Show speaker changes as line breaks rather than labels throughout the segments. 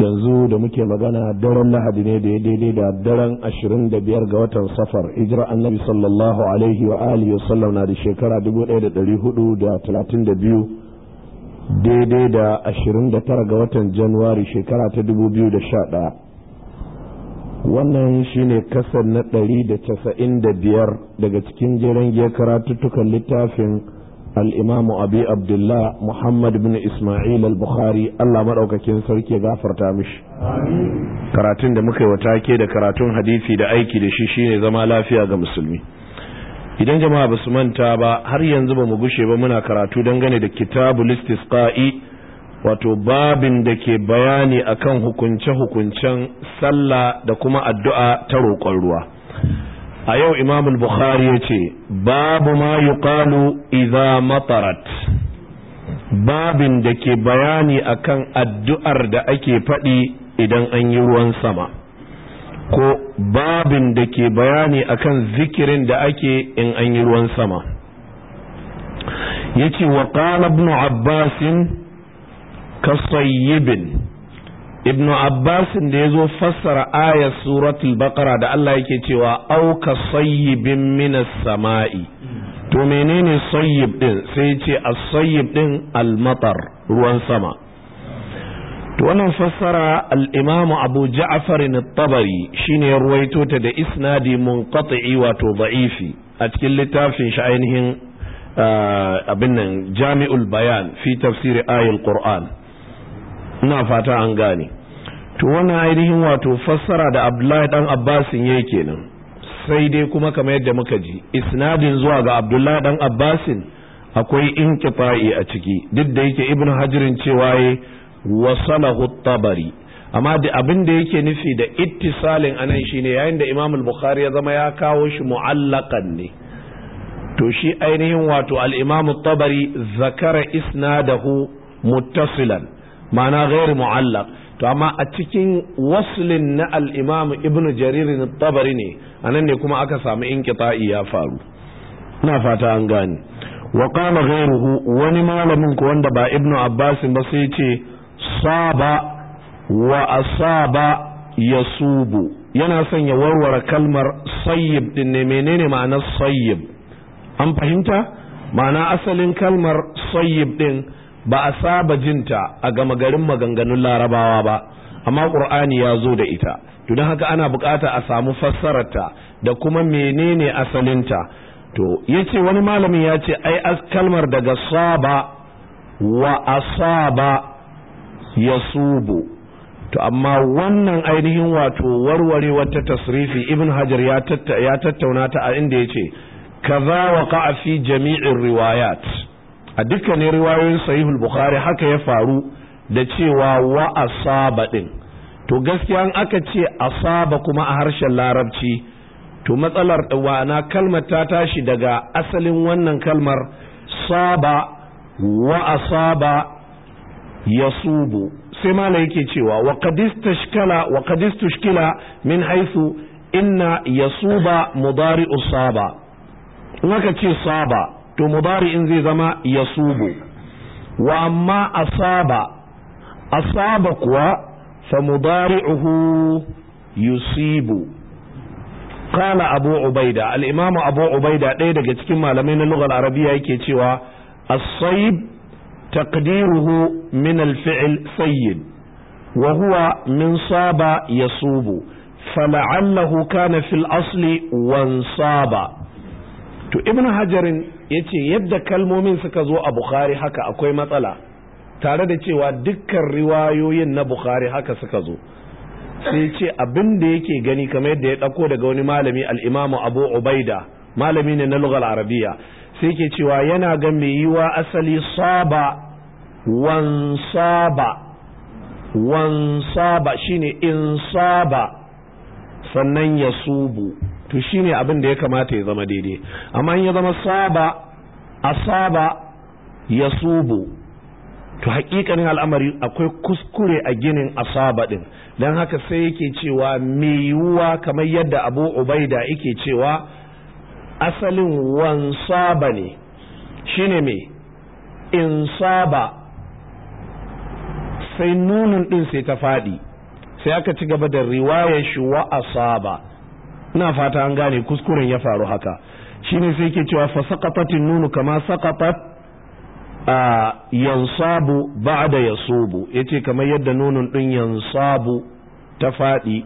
yanzu da muke magana daren lahadi ne da ya daidai da daren ashirin da biyar ga watan safar hijira annabi sallallahu alaihi wa alihi wasallam na da shekara dubu ɗaya da ɗari hudu da talatin da biyu daidai da ashirin da tara ga watan januwari shekara ta dubu biyu da sha ɗaya wannan shine kasar na ɗari da casa'in da biyar daga cikin jiran karatuttukan littafin الإمام أبي عبد الله محمد بن إسماعيل البخاري الله مرأوك كين سركي غافر تامش karatun da muka yi watake da karatun hadisi da aiki da shi shine zama lafiya ga musulmi idan jama'a ba su manta ba har yanzu ba mu gushe ba muna karatu dangane da kitabul istisqa'i wato babin da ke bayani akan hukunce-hukuncen sallah da kuma addu'a ta roƙon ruwa a yau imamul bukhari ya ce babu ma yuqalu iza matarat babin da ke bayani akan addu'ar da ake faɗi idan an yi ruwan sama ko babin da ke bayani akan zikirin da ake in an yi ruwan sama ya yace wa qala ibn abbasin ka sayyibin ibn Abbas da ya zo fassara ayar suratul baqara da Allah yake cewa auka sayyibin minas sama'i to menene sayyib din sai ce as-sayyib din al-matar ruwan sama to wannan fassara al-imamu abu ja'far at-tabari shine ya ruwaito ta da isnadi munqati wato da'ifi a cikin littafin shi ainihin ah, abin nan jami'ul bayan fi tafsiri ayatul qur'an ina fata an gane to wannan ainihin wato fassara da abdullahi dan abbasin yayi kenan sai dai kuma kamar yadda muka ji isnadin zuwa ga abdullahi dan abbasin akwai inqita'i a ciki duk da yake ibnu hajirin cewa yi wasalahu tabari amma da abin da yake nufi da ittisalin anan shine yayin da imam bukhari ya zama ya kawo shi mu'allaqan ne to shi ainihin wato al-imam tabari zakara isnadahu muttasilan ma'ana ghairu mu'allaq to amma a cikin waslin na al-imam ibn jarir tabari ne anan ne kuma aka samu inqita'i ya faru ina fata an gane wa qala ghairuhu wani malamin ko wanda ba ibnu abbas ba sai ce saba wa asaba yasubu yana son ya warware kalmar sayyib din ne menene ma'anar sayyib an fahimta ma'ana asalin kalmar sayyib din ba a saba jinta a gama garin maganganun larabawa ba amma qur'ani ya zo da ita to don haka ana bukata a samu fassararta da kuma menene asalinta to yace wani malami ya ce ai kalmar daga saba wa asaba yasubu to amma wannan ainihin wato warware wata tasrifi ibn hajar ya tattauna ta a inda yace kaza a fi jami'in riwayat a dukkanin riwayoyin sahihul bukhari haka ya faru da cewa wa asaba din to gaskiya aka ce asaba kuma a harshen larabci to matsalar wana kalmar ta tashi daga asalin wannan kalmar saba wa asaba yasubu sai mala yake cewa wa qadistashkala wa min haythu inna yasuba mudari'u saba in aka ce saba to mubari'in zai zama yasubu wa amma asaba asaba kuwa fa mubari'uhu yusibu qala abu ubaida al-imam abu ubaida ɗaya daga cikin malamai na lugar arabiya yake cewa as-sayb taqdiruhu min al-fi'l sayyid wa huwa min saba yasubu فلعله كان في الأصل wansaba. to ibn hajarin ya ce yadda kalmomin suka zo a bukhari haka akwai matsala tare da cewa dukkan riwayoyin na bukhari haka suka zo sai ce abin da yake gani kamar yadda ya ɗauko daga wani malami al'imamu abu ubaida malami ne na lugal arabiya sai ke cewa yana ga mai wa asali saba wan saba wan saba shine in saba sannan ya subu to ne abin da ya kamata ya zama daidai amma in ya zama saba asaba ya subu to hakikanin al'amari akwai kuskure a ginin asaba din don haka sai yake cewa mai yiwuwa kamar yadda abu ubaida yake cewa asalin wansaba ne shine mai saba, sai nunin din sai ta faɗi sai aka ci gaba da riwayar shi wa asaba ina fata an gane kuskuren ya faru haka shine sai ke cewa fa saqatatin nunu kama saqatat a yansabu ba'da yasubu yace kamar yadda nunun din yansabu ta fadi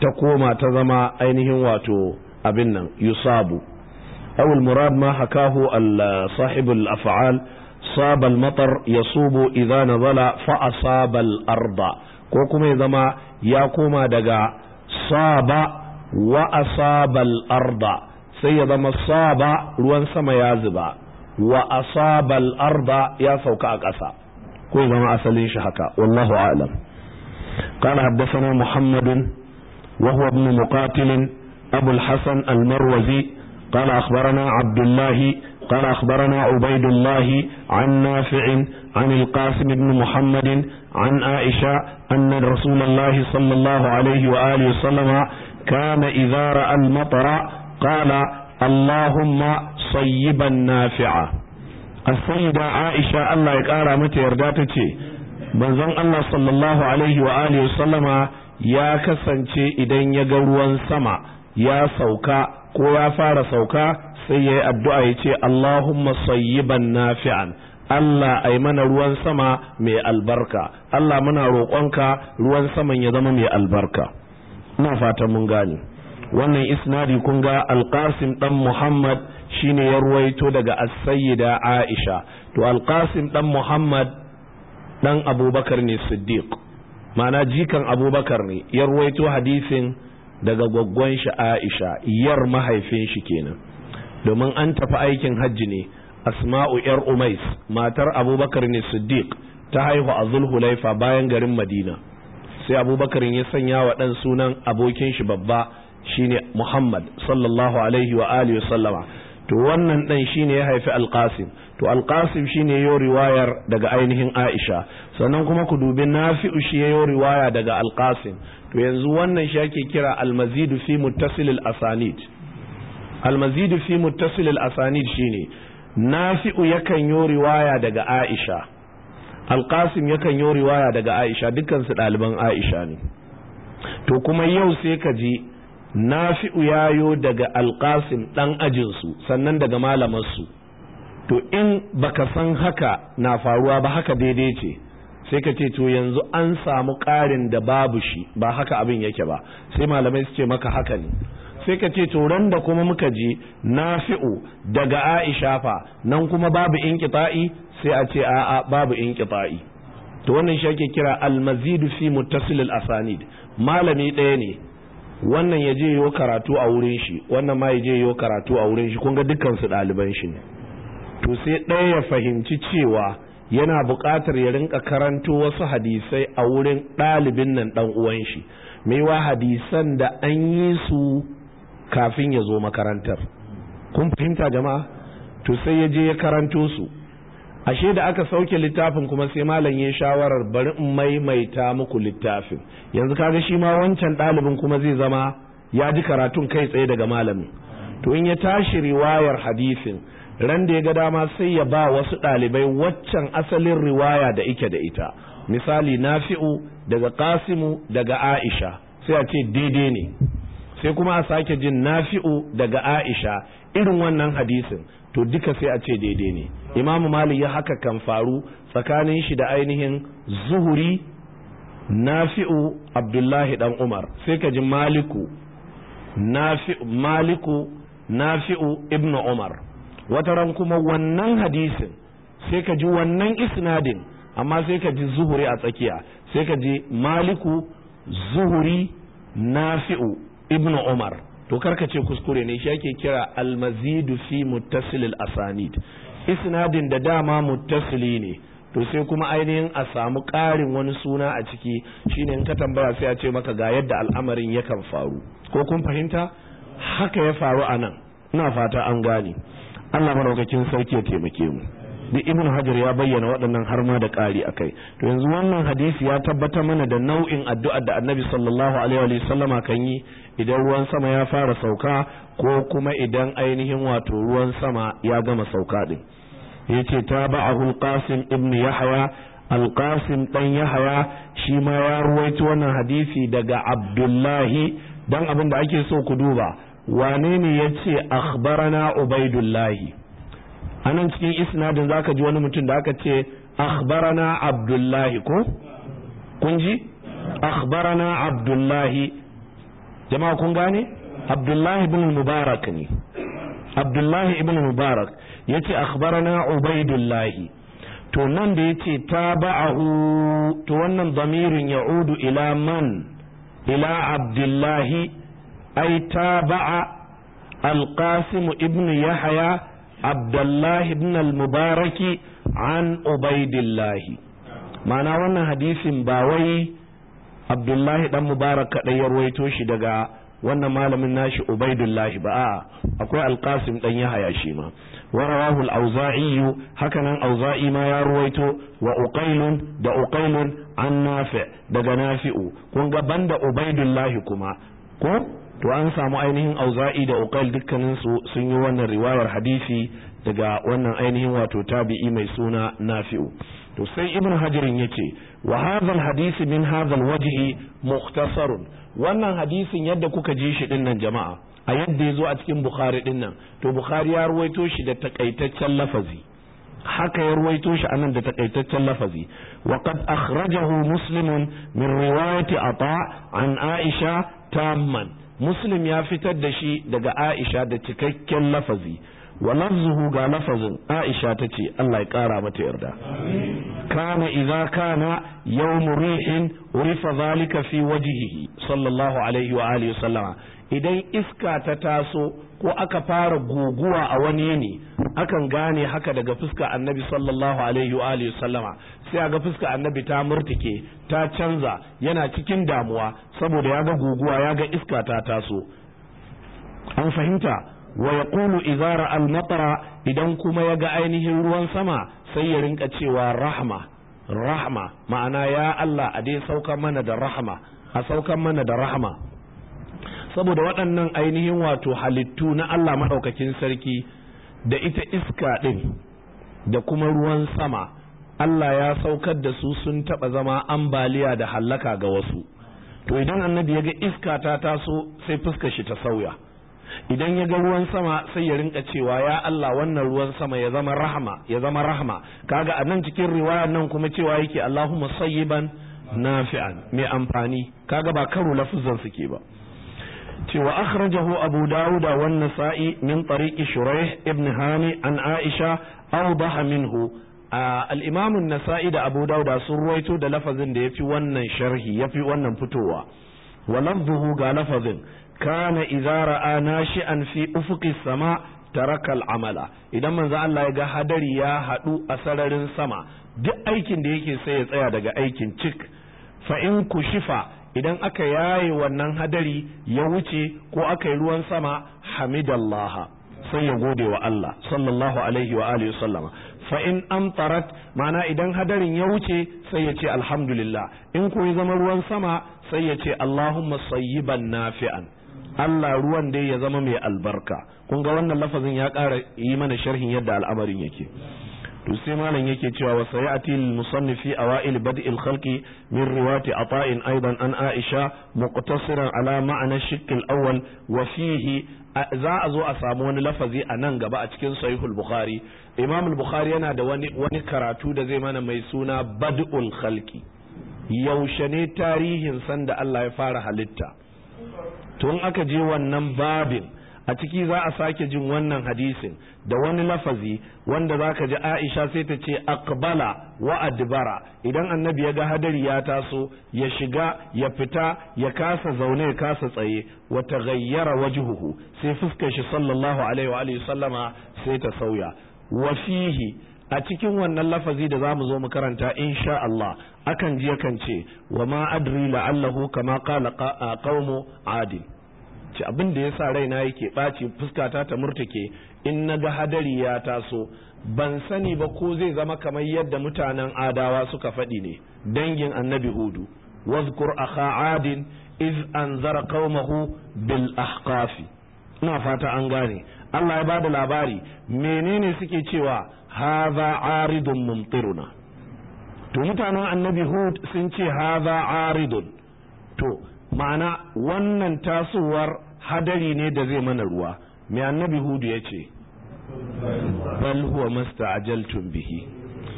ta koma ta zama ainihin wato abin nan yusabu aw al murad ma hakahu al sahib al af'al saba al matar yasubu idza nazala fa asaba al arda ko kuma ya zama ya koma daga saba wa asabal arda sai ya zama saba ruwan sama ya zuba wa asabal arda ya sauka a ƙasa ko zama asalin shi haka wallahu a'lam قال حدثنا محمد وهو ابن مقاتل أبو الحسن المروزي قال أخبرنا عبد الله قال أخبرنا عبيد الله عن نافع عن القاسم بن محمد عن عائشة أن رسول الله صلى الله عليه وآله وسلم كان إذا رأى المطر قال اللهم صيبا نافعا السيدة عائشة الله يقارى متى يرداتك manzon Allah sallallahu alaihi wa sallama ya kasance idan ya ga ruwan sama ya sauka ko ya fara sauka sai ya yi addu'a ya ce Allahumma ban nafi'an Allah ai mana ruwan sama mai albarka Allah muna roƙonka ruwan saman ya zama mai albarka ina fatan mun gane wannan isnadi kun ga alqasim dan muhammad shine ya ruwaito daga as-sayyida aisha to alqasim dan muhammad dan abubakar ne siddiq ma'ana jikan abubakar ne ya ruwaito hadisin daga gwaggwan shi aisha yar mahaifin shi kenan domin an tafi aikin hajji ne asma'u yar umais matar abubakar ne siddiq ta haihu a zulhulaifa bayan garin madina sai abubakar ya sanya wa ɗan sunan abokin shi babba shine muhammad sallallahu alaihi wa alihi wa sallama to wannan ɗan shine ya haifi alƙasim to alƙasim shine yayo riwayar daga ainihin aisha sannan kuma ku dubi nafi'u shi yayo riwaya daga alƙasim to yanzu wannan shi ake kira almazidu fi muttasil al-asanid almazidu fi muttasil al-asanid shine nafi'u yakan yo riwaya daga aisha alƙasim yakan yi riwaya daga aisha dukansu ɗaliban aisha ne to kuma yau sai ka ji nafi'u yayo daga alƙasim ɗan su sannan daga su to in baka san haka na faruwa ba haka daidai ce sai ka ce to yanzu an samu ƙarin da babu shi ba haka abin yake ba sai malamai su ce maka haka ne sai ka ce turan da kuma muka ji nafi'u daga aisha fa nan kuma babu inqita'i sai a ce a'a babu inqita'i to wannan shi ake kira almazidu fi muttasil al-asanid malami ɗaya ne wannan ya je yo karatu a wurin shi wannan ma ya je yo karatu a wurin shi kun ga dukkan su ɗaliban shi ne to sai ɗaya ya fahimci cewa yana buƙatar ya rinka karanto wasu hadisai a wurin ɗalibin nan ɗan uwan shi wa hadisan da an yi su kafin ya zo makarantar kun fahimta jama'a to sai ya je ya karanto su ashe da aka sauke littafin kuma sai malam ya shawarar bari in maimaita muku littafin yanzu kaga shi ma wancan ɗalibin kuma zai zama ya ji karatun kai tsaye daga malamin to in ya tashi riwayar hadisin ran da ya ga dama sai ya ba wasu ɗalibai waccan asalin riwaya da ike da ita misali nafi'u daga kasimu daga aisha sai a ce daidai ne sai kuma a sake jin nafi'u daga aisha irin wannan hadisin to duka sai a ce daidai ne imamu mali ya haka kan faru tsakanin shi da ainihin zuhuri nafi'u abdullahi dan umar sai ka ji maliku nafi'u maliku nafi'u ibnu umar wata ran kuma wannan hadisin sai ka ji wannan isnadin amma sai ka ji zuhuri a tsakiya sai ka ji maliku zuhuri nafi'u ibn umar to ce kuskure ne shi ake kira almazidu fi al asanid isnadin da dama muttasili ne to sai kuma ainihin a samu ƙarin wani suna a ciki shine in ka tambaya sai a ce maka ga yadda al'amarin yakan faru ko kun fahimta haka ya faru a nan ina fata an gane Allah maraukakin sarki ya taimake mu Duk ibn hajar ya bayyana waɗannan har ma da ƙari a kai to yanzu wannan hadisi ya tabbata mana da nau'in addu'ar da annabi sallallahu alaihi wa sallama kan yi idan ruwan sama ya fara sauka ko kuma idan ainihin wato ruwan sama ya gama sauka din yace ba al-qasim ibn yahya al-qasim dan yahya shi ma ya ruwaito wannan hadisi daga abdullahi don abin da ake so ku duba wane ne yace akhbarana ubaidullahi anan cikin isnadin zaka ji wani mutum da aka ce akhbarana abdullahi ko kun ji akhbarana abdullahi jama'a kun gane abdullahi ibn mubarak ne abdullahi ibn mubarak yace akhbarana ubaidullahi to nan da yace taba'ahu to wannan damirin ya'udu ila man ila abdullahi ay taba'a القاسم ابن يحيى عبد الله بن المبارك عن عبيد الله ma'ana wannan hadisin ba wai abdullahi dan mubarak kadai ya ruwaito shi daga wannan malamin nashi ubaidullahi ba a akwai alqasim dan yahaya shi ma wa rawahu al-auza'i hakanan auza'i ma ya ruwaito wa uqailun da uqailun an nafi daga nafi'u kun ga banda ubaidullahi kuma ko to an samu ainihin auza'i da uqail dukkanin su sun yi wannan riwayar hadisi daga wannan ainihin wato tabi'i mai suna nafi'u to sai ibn hajarin yace wa hadhal hadisi min hadhal wajhi mukhtasarun wannan hadisin yadda kuka je shi ɗinnan jama'a a yadda ya zo a cikin bukhari ɗinnan to bukhari ya ruwaito shi da takaitaccen lafazi haka ya ruwaito shi anan da takaitaccen lafazi wa qad akhrajahu muslimun min riwayati ata an aisha tamman muslim ya fitar da shi daga aisha da cikakken lafazi wa lafzuhu ga lafazin Aisha tace Allah ya kara mata yarda kana idza kana yawm rihin urifa zalika fi wajhihi sallallahu alaihi wa alihi sallama idan iska ta taso ko aka fara guguwa a wani yini akan gane haka daga fuska annabi sallallahu alaihi wa alihi sallama sai aga fuska annabi ta murtike ta canza yana cikin damuwa saboda ya ga guguwa ya ga iska ta taso an fahimta wa ya ƙulu izara al-matara idan kuma ya ga ainihin ruwan sama sai ya rinka cewa rahma rahma ma'ana ya Allah a dai saukan mana da rahma a saukan mana da rahma saboda waɗannan ainihin wato halittu na Allah maɗaukakin sarki da ita iska ɗin, da kuma ruwan sama Allah ya saukar da su sun taɓa zama ambaliya da hallaka ga wasu to idan annabi ya ga iska ta taso sai fuska shi ta sauya idan ya ga ruwan sama sai ya rinka cewa ya Allah wannan ruwan sama ya zama rahma ya zama rahma kaga a nan cikin riwaya nan kuma cewa yake Allahumma sayyiban nafi'an mai amfani kaga ba karo lafuzan suke ba cewa akhrajahu Abu Dawud wa Nasa'i min tariqi Shuraih ibn Hani an Aisha awdaha minhu al-Imam an-Nasa'i da Abu Dawud sun ruwaito da lafazin da yafi wannan sharhi yafi wannan fitowa wa lafzuhu ga lafazin kana izara ana shi an fi ufuki sama tarakal amala idan manzo Allah ya ga hadari ya haɗu a sararin sama duk aikin da yake sai ya tsaya daga aikin cik fa in kushifa idan aka yaye wannan hadari ya wuce ko aka yi ruwan sama hamidallah sai ya gode wa Allah sallallahu alaihi wa alihi sallama fa in amtarat idan hadarin ya wuce sai yace ce alhamdulillah in ko zama ruwan sama sai ya ce allahumma sayyiban nafi'an Allah ruwan dai ya zama mai albarka kun ga wannan lafazin ya ƙara yi mana sharhin yadda al'amarin yake to sai malam yake cewa wa sayati al-musannif awail bad'i al-khalqi min riwati ata'in aidan an aisha muqtasiran ala ma'na shikk al-awwal wa fihi za a zo a samu wani lafazi a nan gaba a cikin sahihul bukhari imam al-bukhari yana da wani wani karatu da zai mana mai suna bad'ul khalqi yaushe ne tarihin sanda Allah ya fara halitta tun aka je wannan babin a ciki za a sake jin wannan hadisin da wani lafazi wanda za ka ji aisha sai ta ce akbala wa adbara idan annabi ya ga hadari ya taso ya shiga ya fita ya kasa zaune ya kasa tsaye wa taghayyara wajhuhu sai fuskar shi sallallahu alaihi wa sallama sai ta sauya wasihi. a cikin wannan lafazi da za mu zo mu karanta in sha Allah akan ji kan ce wa ma adri la'allahu kama qala qaumu adil ci abin da yasa raina yake ɓaci fuskata ta murtuke in na ga hadari ya taso ban sani ba ko zai zama kamar yadda mutanen adawa suka faɗi ne dangin annabi hudu wazkur akha adin iz anzara qaumahu bil ahqafi ina fata an gane Allah ya bada labari menene suke cewa haza aridun mumtiruna to mutanen annabi hud sun ce haza aridun to ma'ana wannan tasowar hadari ne da zai mana ruwa mai annabi hud ya ce bal huwa ajaltun bihi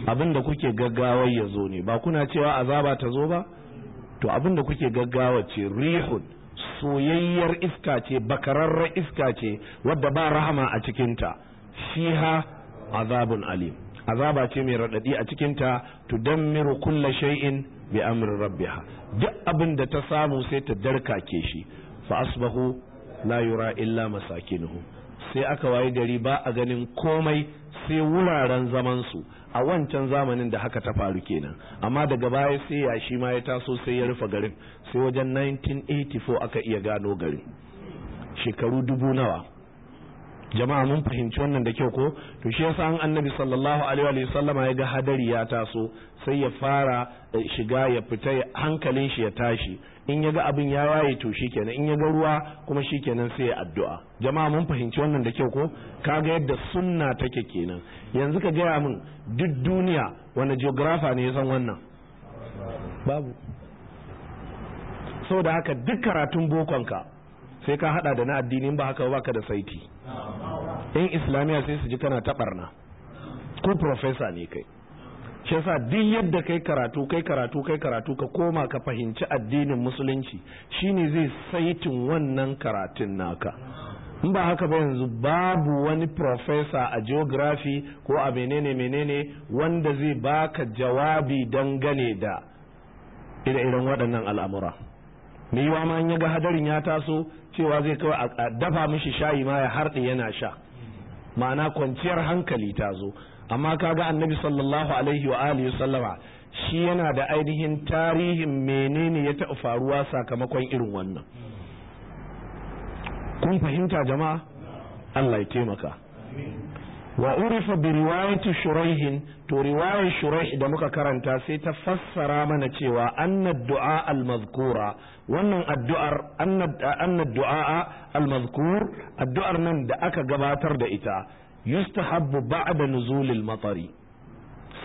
abinda kuke gaggawa ya zo ne ba kuna cewa azaba ta zo ba to abinda kuke gaggawa ce rihun soyayyar iska ce bakararrar iska ce wadda ba rahama a cikinta shi ha. azabun alim azaba ce mai raɗaɗi a cikin ta tudammiru kulla shay'in bi amri rabbiha duk abin da ta samu sai ta darka ke shi fa asbahu la yura illa masakinuhu sai aka wayi gari ba a ganin komai sai wuraren zaman su a wancan zamanin da haka ta faru kenan amma daga baya sai yashi ma ya taso sai ya rufe garin sai wajen 1984 aka iya gano garin shekaru dubu nawa jama'a mun fahimci wannan da kyau ko to shi yasa an annabi sallallahu alaihi wa sallama ya ga hadari ya taso sai ya fara eh, shiga ya fita hankalin shi ya tashi in ya ga abin ya waye to shikenan in ya ga ruwa kuma shi shikenan sai ya addu'a jama'a mun fahimci wannan da kyau ko kaga yadda sunna take kenan yanzu ka gaya min duk duniya wani geographer ne ya san wannan babu saboda haka duk karatun bokonka sai ka hada da na addini ba haka ba ka da saiti in islamiya sai su ji kana taɓarna ko profesa ne kai shi yasa duk yadda kai karatu kai karatu kai karatu ka koma ka fahimci addinin musulunci shine zai saitin wannan karatun naka in ba haka ba yanzu babu wani profesa a geography ko a menene menene wanda zai baka jawabi dangane da ire-iren waɗannan al'amura mai yiwa ma ya ga hadarin ya taso cewa zai kawai a dafa mishi shayi ma ya harɗe yana sha ma'ana kwanciyar hankali ta zo amma kaga annabi sallallahu alaihi wa alihi sallama shi yana da ainihin tarihin menene ya taɓa faruwa sakamakon irin wannan kun fahimta jama'a Allah ya taimaka wa urifa bi riwayati shuraihin to riwayar shuraih da muka karanta sai ta fassara mana cewa anna du'a al-mazkura wannan addu'ar anna du'a al-mazkur addu'ar nan da aka gabatar da ita yustahabbu ba'da nuzulil matari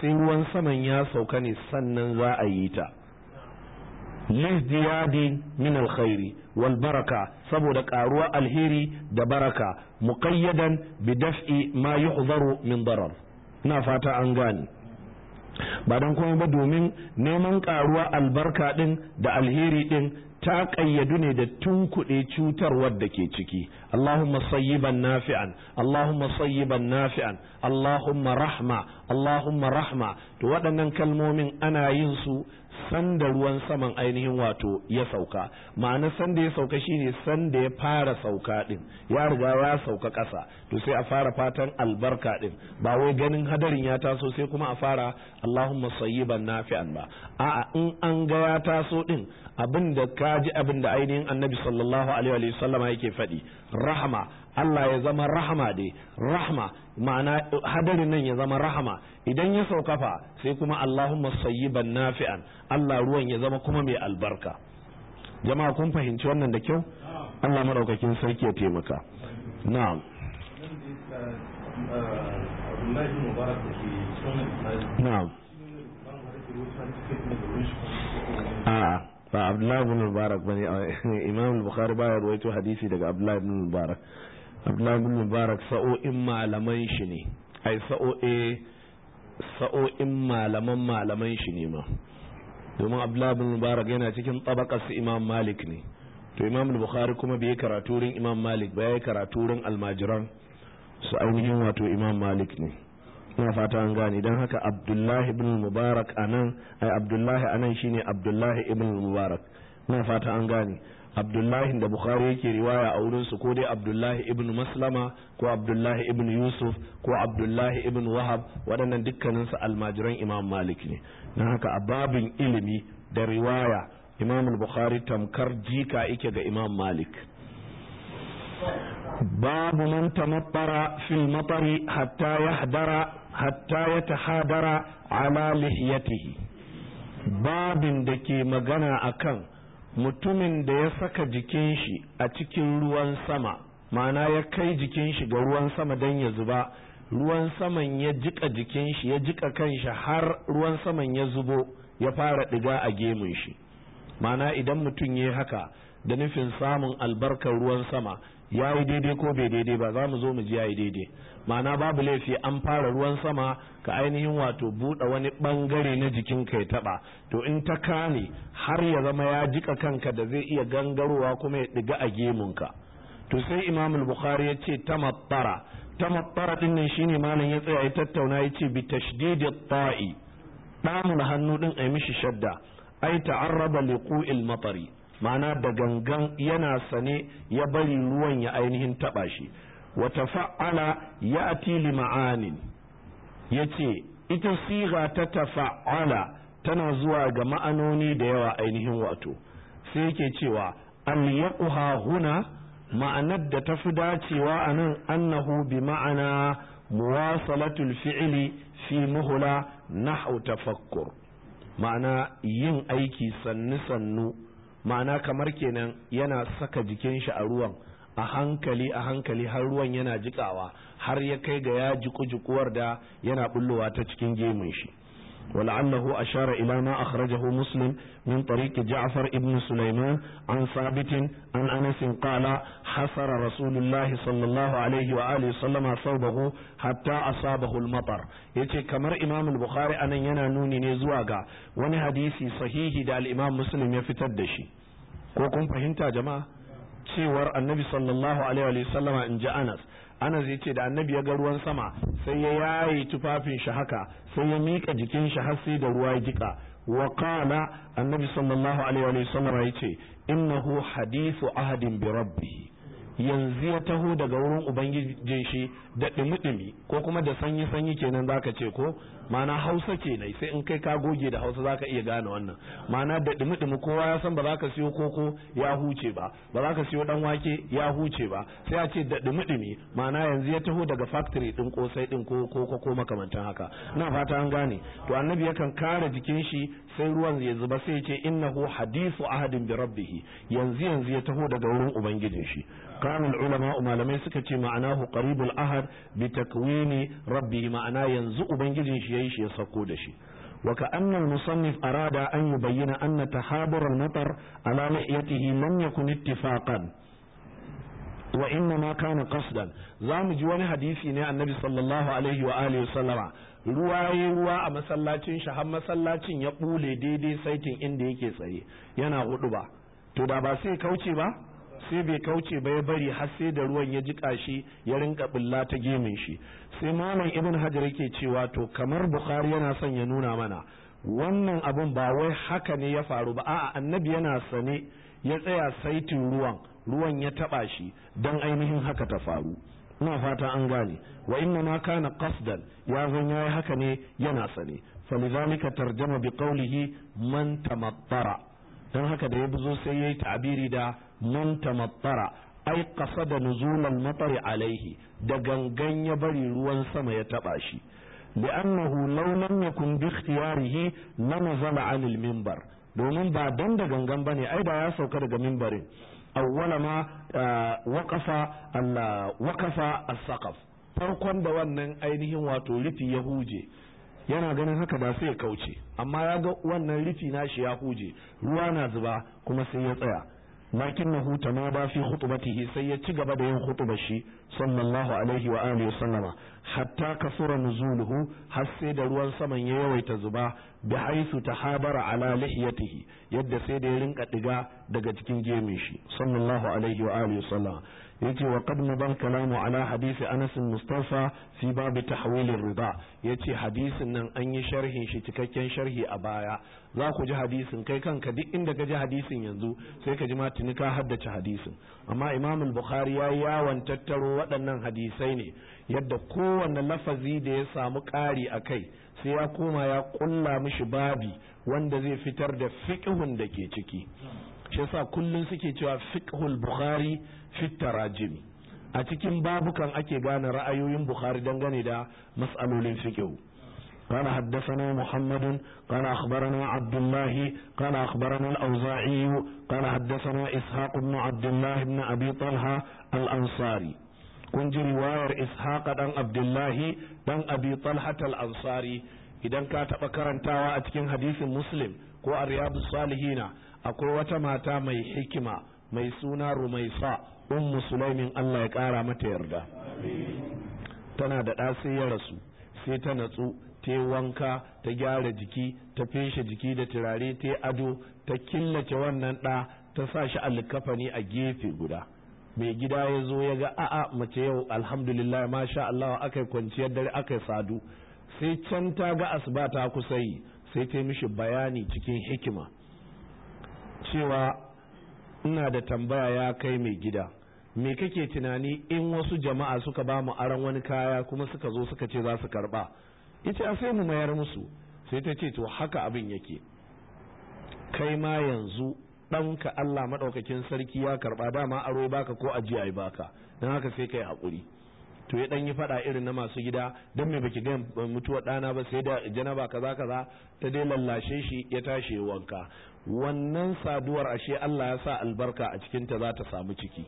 sai ruwan saman ya sauka ne sannan za a yi ta lizdiyadi min alkhairi wal baraka saboda karuwa alheri da baraka muqayyadan bi daf'i ma yuhzaru min darar ina fata an gane ba dan kuma ba domin neman karuwa albarka din da alheri din ta ƙayyadu ne da tun kuɗe cutarwar da ke ciki Allahumma sayyiban nafi'an Allahumma sayyiban nafi'an Allahumma rahma Allahumma rahma to waɗannan kalmomin ana yin su sanda ruwan saman ainihin wato ya sauka ma'ana sanda ya sauka shine sanda ya fara sauka din ya riga ya sauka ƙasa to sai a fara fatan albarka din ba wai ganin hadarin ya taso sai kuma a fara Allahumma sayyiban nafi'an ba a'a in an ga ya taso din abin da ka ji abin da ainihin annabi sallallahu alaihi wa sallama yake faɗi rahama Allah ya zama rahama dai rahama ma'ana hadarin nan ya zama rahama idan ya saukafa sai kuma Allahumma sayyiban nafi'an Allah ruwan ya zama kuma mai albarka jama'a kun fahimci wannan da kyau Allah maraukakin sarki ya taimaka na'am na'am a'a ba abdullahi ibn mubarak bane imam al-bukhari baya ruwaito hadisi daga abdullahi ibn mubarak abdullahi ibn mubarak shi ne ai sa'o'e eh, sa'o'in malaman malaman shi ne ma domin yana cikin tabaqar su imam malik ne to imam al-bukhari kuma bai karatu rin imam malik ba ya karatu almajiran su ainihin wato imam malik ne na fata an gane don haka abdullahi ibn mubarak anan ai abdullahi shine abdullahi ibn mubarak ina fata an gane abdullahi da bukhari yake riwaya a wurinsu ko dai abdullahi ibn maslama ko abdullahi ibn yusuf ko abdullahi ibn wahab waɗannan dukkaninsu almajiran imam malik ne don haka a babin ilimi da riwaya imam bukhari tamkar jika yake ga imam malik babu man tamaffara fil matari hatta yahdara hatta ya tahadara ala lihiyatihi babin da ke magana akan mutumin da ya saka jikin shi a cikin ruwan sama ma'ana ya kai jikin shi ga ruwan sama don ya zuba ruwan saman ya jika jikin shi ya jika kanshi har ruwan saman ya zubo ya fara diga a gemun shi ma'ana idan mutum ya haka da nufin samun albarkar ruwan sama ya yi daidai ko bai daidai ba za mu zo mu ji ya yi daidai ma'ana babu laifi an fara ruwan sama ka ainihin wato buɗe wani ɓangare na jikin ka ya taɓa to in ta kane har ya zama ya jika kanka da zai iya gangarowa kuma ya ɗiga a gemunka to sai imam bukhari ya ce ta tamattara ɗin nan shine malam ya tsaya ya tattauna ya ce bi tashdidi ta'i ɗamun hannu ɗin a mishi shadda ai ta'arraba liqu'il matari ma'ana da gangan yana sane ya bari ruwan ya ainihin taba shi wata fa'ala ya atili ma'anin ya ce ita siga ta tafa'ala tana zuwa ga ma'anoni da yawa ainihin wato sai yake cewa al-yaquha huna ma'anar da ta fi dacewa a nan annahu bi ma'ana muwasalatul fi'ili fi muhula nahau tafakkur ma'ana yin aiki sannu sannu ma'ana kamar kenan yana saka jikin shi a ruwan a hankali a hankali har ruwan yana jikawa har ya kai ga ya jiku jikuwar da yana bullowa ta cikin gemun shi ولعله أشار إلى ما أخرجه مسلم من طريق جعفر ابن سليمان عن ثابت عن أنس قال حفر رسول الله صلى الله عليه وآله وسلم ثوبه حتى أصابه المطر يتي كمر إمام البخاري أن ينانوني نزواغا وني حديثي صحيح دا الإمام مسلم يفتدشي وكم فهمت يا جماعة cewar annabi sallallahu alaihi wa sallama in ji anas anas ya ce da annabi ya ga ruwan sama sai ya yaye tufafin shi haka sai ya miƙa jikin shi har sai da ruwa ya jika wa qala annabi sallallahu alaihi wa sallam ya ce innahu hadithu ahadin bi rabbi yanzu ya taho daga wurin ubangijin shi da ko kuma da sanyi-sanyi kenan zaka ce ko mana hausa ke nai sai in kai ka goge da hausa zaka iya gane wannan mana da kowa ya san ba za ka siyo koko ya huce ba ba za ka siyo ɗan wake ya huce ba sai a ce da ɗumi mana yanzu ya taho daga factory din kosai ɗin ko koko ko makamantan haka ina fata an gane to annabi yakan kare jikin shi sai ruwan ya zuba sai ya ce innahu hadithu ahadin bi rabbih yanzu yanzu ya taho daga wurin ubangijin shi قال العلماء ما لم يسكت معناه قريب الأهد بتكوين ربه معناه ينزق بنجد شيء يسقود شيء وكأن المصنف أراد أن يبين أن تحابر المطر على لحيته لم يكن اتفاقا وإنما كان قصدا زام جوان حديثي عن النبي صلى الله عليه وآله وسلم ruwa ya ruwa a masallacin shi har masallacin ya ɓule daidai saitin inda yake tsaye yana hudu ba to da ba sai kauce ba sai bai kauce ba ya bari har sai da ruwan ya jika shi ya rinka bulla ta gemin shi sai malam ibn hajar yake cewa to kamar bukhari yana son ya nuna mana wannan abun ba wai haka ne ya faru ba a'a annabi yana sane ya tsaya saitin ruwan ruwan ya taba shi dan ainihin haka ta faru ina fata an gane wa inna ma kana qasdan ya zan yayi haka ne yana sane falidhalika tarjama bi qawlihi man tamattara don haka da ya buzo sai ya yi ta'abiri da muntamattara ai da nuzulal matari alaihi da gangan ya bari ruwan sama ya taba shi li'annahu law lam yakun bi ikhtiyarihi lanazala 'anil minbar domin ba dan da gangan bane ai da ya sauka daga minbarin awwala ma ah, waqafa Allah waqafa as-saqaf farkon da wannan ainihin wato rufi ya huje yana ganin haka ba sai ya kauce amma ya ga wannan rufi shi ya huje ruwa na zuba kuma sai ya tsaya lakin na huta ma ba fi khutbatihi sai ya ci gaba da yin khutbar shi sallallahu alaihi wa alihi wasallama hatta kasura nuzuluhu har sai da ruwan saman ya yawaita zuba bi haisu tahabara ala lihiyatihi yadda sai da ya rinka diga daga cikin gemin shi sallallahu alaihi wa alihi wasallama yace wa qad nabal kalamu ala hadisi Anas Mustafa fi babu tahwilir rida yace hadisin nan an yi sharhin shi cikakken sharhi a baya za ku ji hadisin kai kanka duk inda ka ji hadisin yanzu sai ka ji ma tuni ka haddace hadisin amma Imam al-Bukhari ya yi yawan tattaro waɗannan hadisai ne yadda kowanne lafazi da ya samu ƙari a kai sai ya koma ya ƙulla mishi babi wanda zai fitar da fiqhun da ke ciki shi yasa kullun suke cewa fiqhul bukhari fitara jimi a cikin babukan ake gane ra'ayoyin bukhari dangane da mas'alolin fiqhu قال حدثنا محمد قال أخبرنا عبد الله قال أخبرنا الأوزاعي قال حدثنا إسحاق بن عبد الله بن أبي طلحة الأنصاري كنت رواية إسحاق بن عبد الله بن أبي طلحة الأنصاري idan ka taɓa karantawa a cikin hadisin muslim ko a riyadu salihina akwai wata mata mai hikima mai suna rumaisa un musulmin Allah ya kara mata yarda tana da ɗa sai ya rasu sai ta natsu ta wanka ta gyara jiki ta feshe jiki da turare ta ado ta killace wannan ɗa ta sa shi alkafani a gefe guda mai gida ya zo ya ga a'a mace yau alhamdulillah masha Allah aka yi kwanciyar dare aka yi sadu sai can ta ga asuba ta kusa yi sai ta mishi bayani cikin hikima cewa ina da tambaya ya kai mai gida me kake tunani in wasu jama'a suka ba mu aron wani kaya kuma suka zo suka ce za su karba ita a sai mu mayar musu sai ta ce to haka abin yake kai ma yanzu ɗanka Allah maɗaukakin sarki ya karba dama aro baka ko ajiya ya baka don haka sai kai haƙuri to ya ɗan yi faɗa irin na masu gida don me baki gan mutuwar ɗana ba sai da janaba kaza kaza ta dai lallashe shi ya tashi wanka wannan saduwar ashe Allah ya sa albarka a cikinta za ta samu ciki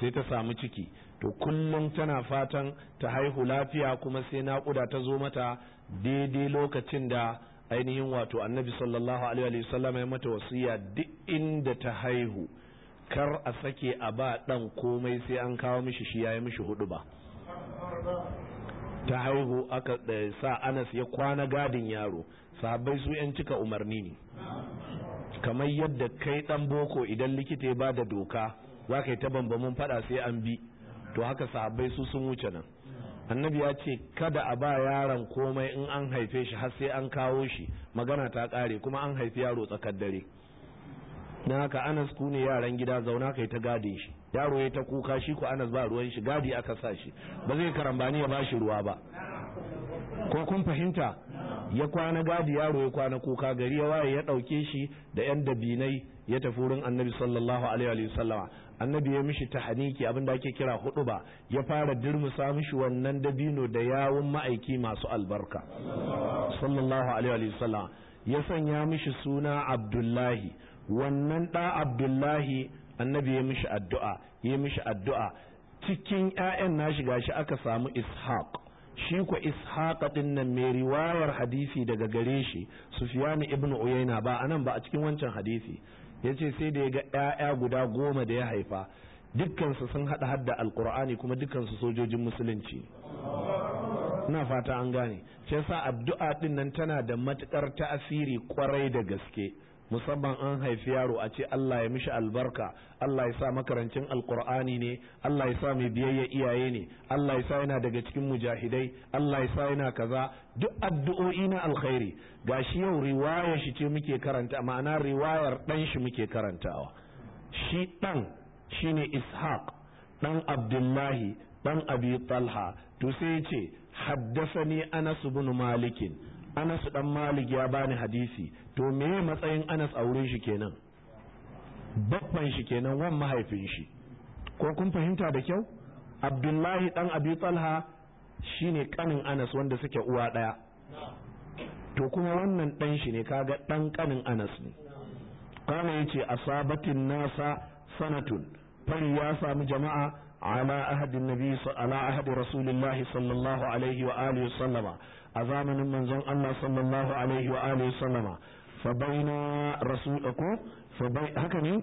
sai ta samu ciki to kullum tana fatan ta haihu lafiya kuma sai naƙuda ta zo mata daidai lokacin da ainihin wato annabi sallallahu alaihi wasallam ya mata wasiya duk inda ta haihu kar a sake a ba ɗan komai sai an kawo mishi shi ya yi mishi hudu ba ta haihu aka sa anas ya kwana gadin yaro sabai su yan cika umarni ne kamar yadda kai dan boko idan likita ya bada doka za ka yi ta bambamin fada sai an bi to haka sabai su sun wuce nan annabi ya ce kada a ba yaron komai in an haife shi har sai an kawo shi magana ta kare kuma an haifi yaro tsakar dare na haka anas ku ne yaran gida zauna kai ta gadin shi yaro ya ta kuka shi ku anas ba ruwan shi gadi aka sa shi ba zai karambani ya ba shi ruwa ba ko kun fahimta ya kwana gadi yaro ya kwana kuka gari ya waye ya dauke shi da yan dabinai ya tafi wurin annabi sallallahu alaihi wa sallama annabi ya mishi tahaniki abin da ake kira hudu ba ya fara dirmusa mishi wannan dabino da yawun ma'aiki masu albarka sallallahu alaihi wa sallama ya sanya mishi suna abdullahi wannan ɗa abdullahi annabi ya mishi addu'a ya mishi addu'a cikin ‘ya'yan nashi shi aka samu ishaq shi ku ishaq ɗin nan mai riwayar hadisi daga gare shi sufiyani Ibnu uyayna ba nan ba a cikin wancan hadisi ya ce sai da ya ga ‘ya'ya guda goma da ya haifa dukkansu sun haɗa hadda alkur'ani kuma dukkansu sojojin musulunci ina fata an gane sai sa addu'a ɗin nan tana da matuƙar ta'asiri kwarai da gaske musamman an haifi yaro a ce Allah ya mishi albarka Allah ya sa makarancin alkur'ani ne Allah ya sa mai biyayya iyaye ne Allah ya sa yana daga cikin mujahidai Allah ya sa yana kaza duk addu'o'i na alkhairi gashi yau riwayar shi ce muke karanta ma'ana riwayar dan shi muke karantawa shi dan shine Ishaq dan Abdullahi dan Abi Talha to sai ya ce haddasani Anas ibn Malikin anas ɗan malik ya bani hadisi to me matsayin anas a wurin shi kenan babban shi kenan wan mahaifin shi ko kun fahimta da kyau abdullahi ɗan abi talha shine kanin anas wanda suke uwa daya to kuma wannan ɗan shi ne kaga ɗan kanin anas ne kana yace asabatin nasa sanatun fari ya samu jama'a ala ahadin nabi ala ahadi rasulillahi sallallahu alaihi wa alihi sallama a zamanin manzon Allah sallallahu alaihi wa alihi sallama fa baina rasulukum fa bai haka ne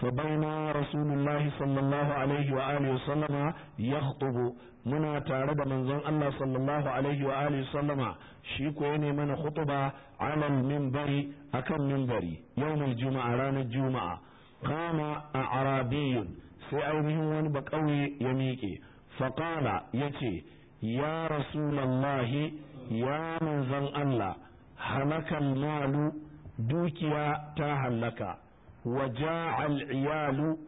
fa baina rasulullahi sallallahu alaihi wa alihi sallama yakhutubu muna tare da manzon Allah sallallahu alaihi wa alihi sallama shi ko ne mana khutba ala minbari akan minbari yawmul juma'a ranar juma'a Kama qama a'rabiyyun sai ainihin wani ba bakauye ya miƙe faqala yace ya rasulallahi ya manzan Allah halakan malu dukiya ta hallaka wa ja'al iyalu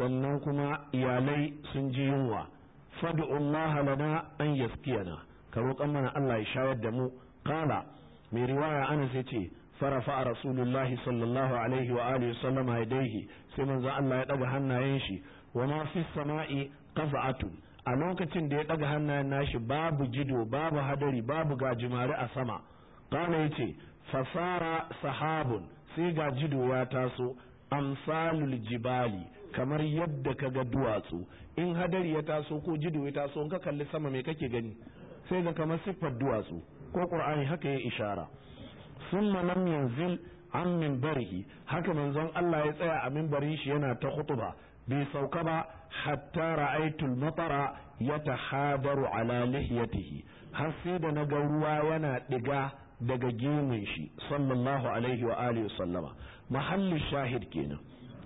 sannan kuma iyalai sun ji yunwa fad'ullaha lana an yaskiyana ka roƙan mana Allah ya shayar da mu kala. mai riwaya Anas ce farafa rasulullahi sallallahu alaihi wa alihi sallama haidaihi sai manzo Allah ya ɗaga hannayen shi wa ma fi samai qafa'atun a lokacin da ya ɗaga hannayen nashi babu jido babu hadari babu gajimare a sama kana yace fasara sahabun sai ga jido ya taso amsalul jibali kamar yadda ka ga duwatsu in hadari ya taso ko jido ya taso in ka kalli sama me kake gani sai ga kamar siffar duwatsu ko qur'ani haka ya ishara summa lam yanzil an min bari haka manzon Allah ya tsaya a minbarin shi yana ta khutba bai sauka ba hatta ra'aitul matara yatahadaru ala lihiyatihi har sai da na ga ruwa yana diga daga gemun shi sallallahu alaihi wa alihi sallama mahallin shahid kenan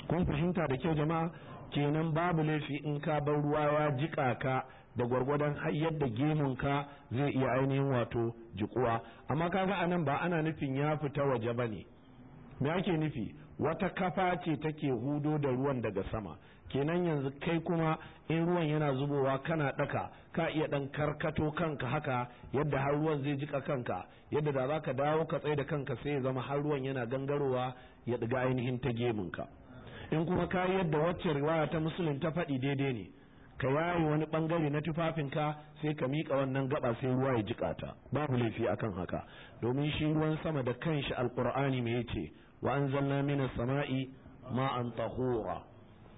kun fahimta da kyau jama'a kenan babu laifi in ka bar ruwa ya jika ka da gwargwadon yadda ka zai iya ainihin wato jikuwa amma kaga anan ba ana nufin ya fita waje bane me ake nufi wata kafa ce take hudo da ruwan daga sama kenan yanzu kai kuma in ruwan yana zubowa kana daka ka iya dan karkato kanka haka yadda har ruwan zai jika kanka yadda da za ka dawo ka tsaye da kanka sai ya zama har ruwan yana gangarowa ya diga ainihin ta gemunka in kuma ka yadda wacce riwaya ta musulun ta faɗi daidai ne ka yaye wani bangare na tufafinka sai ka miƙa wannan gaba sai ruwa ya jika ta babu laifi akan haka domin shi ruwan sama da kanshi alqur'ani me yace wa anzalna minas sama'i ma'an tahura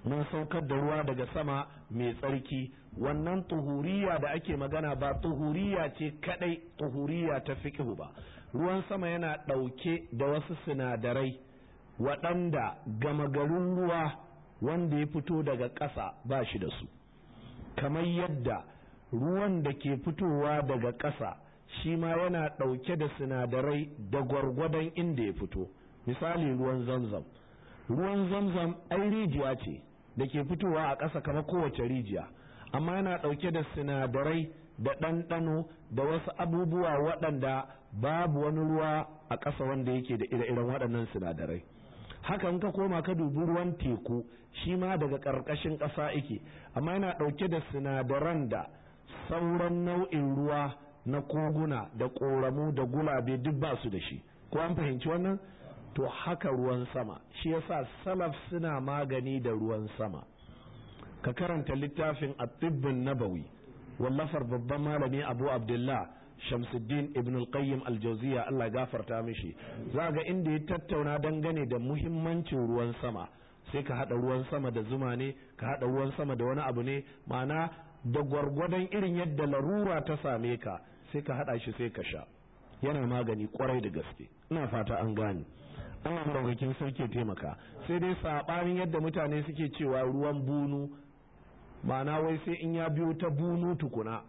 mun saukar da ruwa daga sama mai tsarki wannan tuhuriya da ake magana ba tuhuriya ce kadai tuhuriya ta fiqhu ba ruwan sama yana ɗauke da wasu sinadarai waɗanda gama garin ruwa wanda ya fito daga ƙasa ba shi da su kamar yadda ruwan da ke fitowa daga ƙasa shi ma yana ɗauke da sinadarai da gwargwadon inda ya fito misali ruwan zamzam ruwan zamzam ai rijiya ce da ke fitowa a ƙasa kama kowace rijiya amma yana ɗauke da sinadarai da ɗanɗano da wasu abubuwa waɗanda babu wani ruwa a ƙasa wanda yake da ire-iren waɗannan sinadarai hakan ka koma ka dubi ruwan teku shi ma daga ƙarƙashin ƙasa yake amma yana ɗauke da sinadaran da sauran nau'in ruwa na koguna da ƙoramu da gulabe duk ba su da shi ko an fahimci wannan to haka ruwan sama shi yasa salaf suna magani da ruwan sama ka karanta littafin at nabawi wallafar babban malami abu abdullah shamsuddin ibn al-qayyim al-jawziya Allah gafarta mishi za ga inda ya tattauna dangane da muhimmancin ruwan sama sai ka hada ruwan sama da zuma ne ka hada ruwan sama da wani abu ne ma'ana da gwargwadon irin yadda larura ta same ka sai ka hada shi sai ka sha yana magani kwarai da gaske ina fata an gane Allah madaukakin sarki taimaka sai dai saɓanin yadda mutane suke cewa ruwan bunu ma'ana wai sai in ya biyo ta bunu tukuna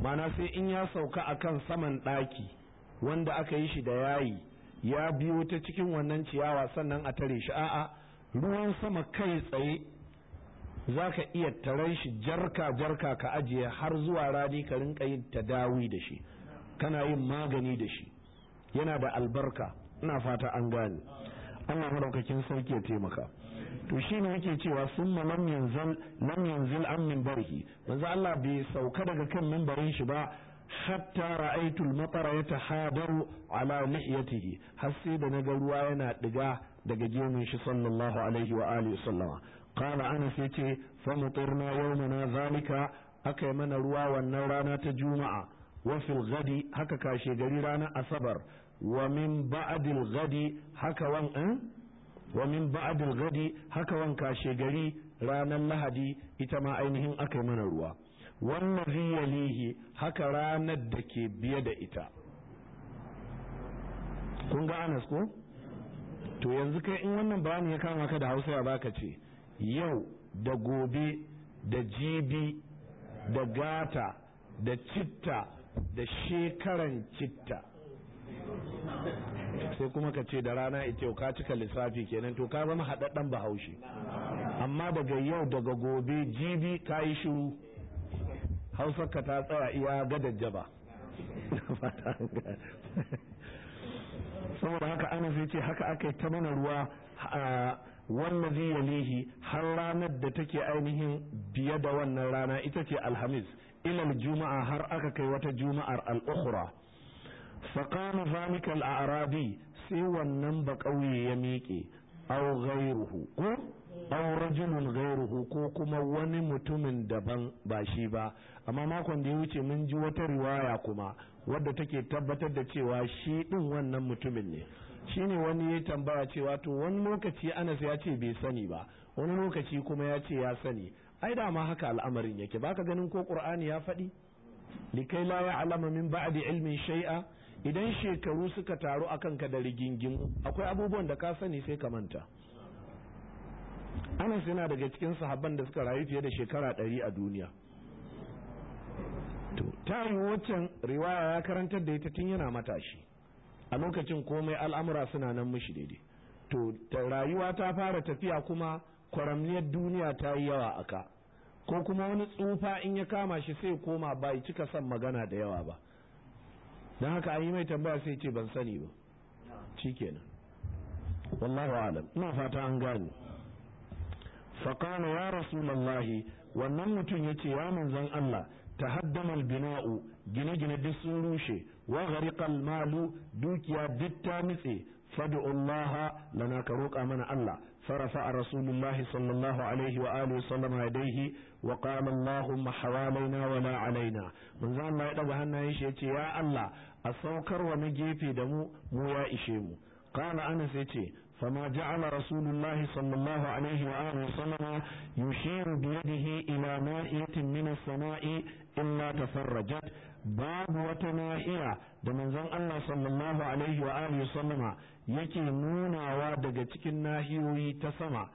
mana sai in ya sauka akan saman ɗaki wanda aka yi shi da yayi ya biyo ta cikin wannan ciyawa sannan a tare shi a'a ruwan sama kai tsaye za ka iya tarar shi jarka-jarka ka ajiye har zuwa rani ka rinka yin tadawi da shi kana yin magani da shi yana da albarka ina fata an gane Allah madaukakin sarki ya taimaka to shi ne yake cewa sun ma lam yanzil lam yanzil an manzo Allah bai sauka daga kan minbarin shi ba hatta ra'aytu al-matara yatahadaru ala lihiyatihi har sai da naga ruwa yana diga daga gemun shi sallallahu alaihi wa alihi sallama qala anas yace fa mutirna yawmana zalika akai mana ruwa wannan rana ta juma'a wa fil ghadi haka kashe gari ranar asabar wa min ba'dil ghadi haka wan eh? wa min ba'dil ghadi haka wan kashe gari ranar lahadi ita ma ainihin aka mana ruwa wannan lihi haka ranar da ke biye da ita kun ga anas ko to yanzu kai in wannan bayani ya kama ka da hausa ba ka ce yau da gobe da jibi da gata da citta da shekaran citta sai kuma ka ce da rana ita ka cika lissafi kenan to ka zama haɗaɗɗen bahaushe amma daga yau daga gobe jibi ka yi shiru hausarka ta tsaya iya gadajja ba saboda haka ana sai ce haka aka yi ta mana ruwa a wannan zai lehi har ranar da take ainihin biye da wannan rana ita ce alhamis ilal juma'a har aka kai wata juma'ar al'ukhra faƙama a arabi sai wannan ba ƙauye ya miƙe au gairuhu ko au rajulun gairuhu ko kuma wani mutumin daban ba shi ba amma makon da ya wuce mun ji wata riwaya kuma wadda take tabbatar da cewa shi din wannan mutumin ne shine wani ya tambaya cewa to wani lokaci Anas ya ce bai sani ba wani lokaci kuma ya ce ya sani ai da ma haka al'amarin yake baka ganin ko Qur'ani ya faɗi likai la ya'lamu min ba'di ilmin shay'a idan shekaru suka taru akan ka da rigingimu akwai abubuwan da ka sani sai ka manta anas yana daga cikin sahabban da suka rayu fiye da shekara ɗari a duniya ta yi waccan riwaya ya karantar da ita tun yana matashi a lokacin komai al'amura suna nan mishi daidai to rayuwa ta fara tafiya kuma kwaramniyar duniya ta yi yawa aka ko kuma wani tsufa in ya kama shi sai koma bai cika son magana da yawa ba don haka an yi mai tambaya sai ce ban sani ba kenan wallahu alam ina fata an gani. faqala ya rasulallahi wannan mutum ya ce ya manzon Allah ta haddama albina'u gine-gine duk sun rushe wa gari malu dukiya duk ta nitse fad'u Allah lana ka roƙa mana Allah فرفع رسول الله صلى الله عليه وآله وسلم يديه وقال اللهم حوالينا ولا علينا من ذا الله يدعو هنا يشيتي يا الله أسوكر ونجيبي دمو مو يا إشيمو قال أنس يتي فما جعل رسول الله صلى الله عليه وآله وسلم يشير بيده إلى نائية من السماء إلا تفرجت باب وتنائية دمن ذا الله صلى الله عليه وآله وسلم yake nunawa daga cikin nahiyoyi ta sama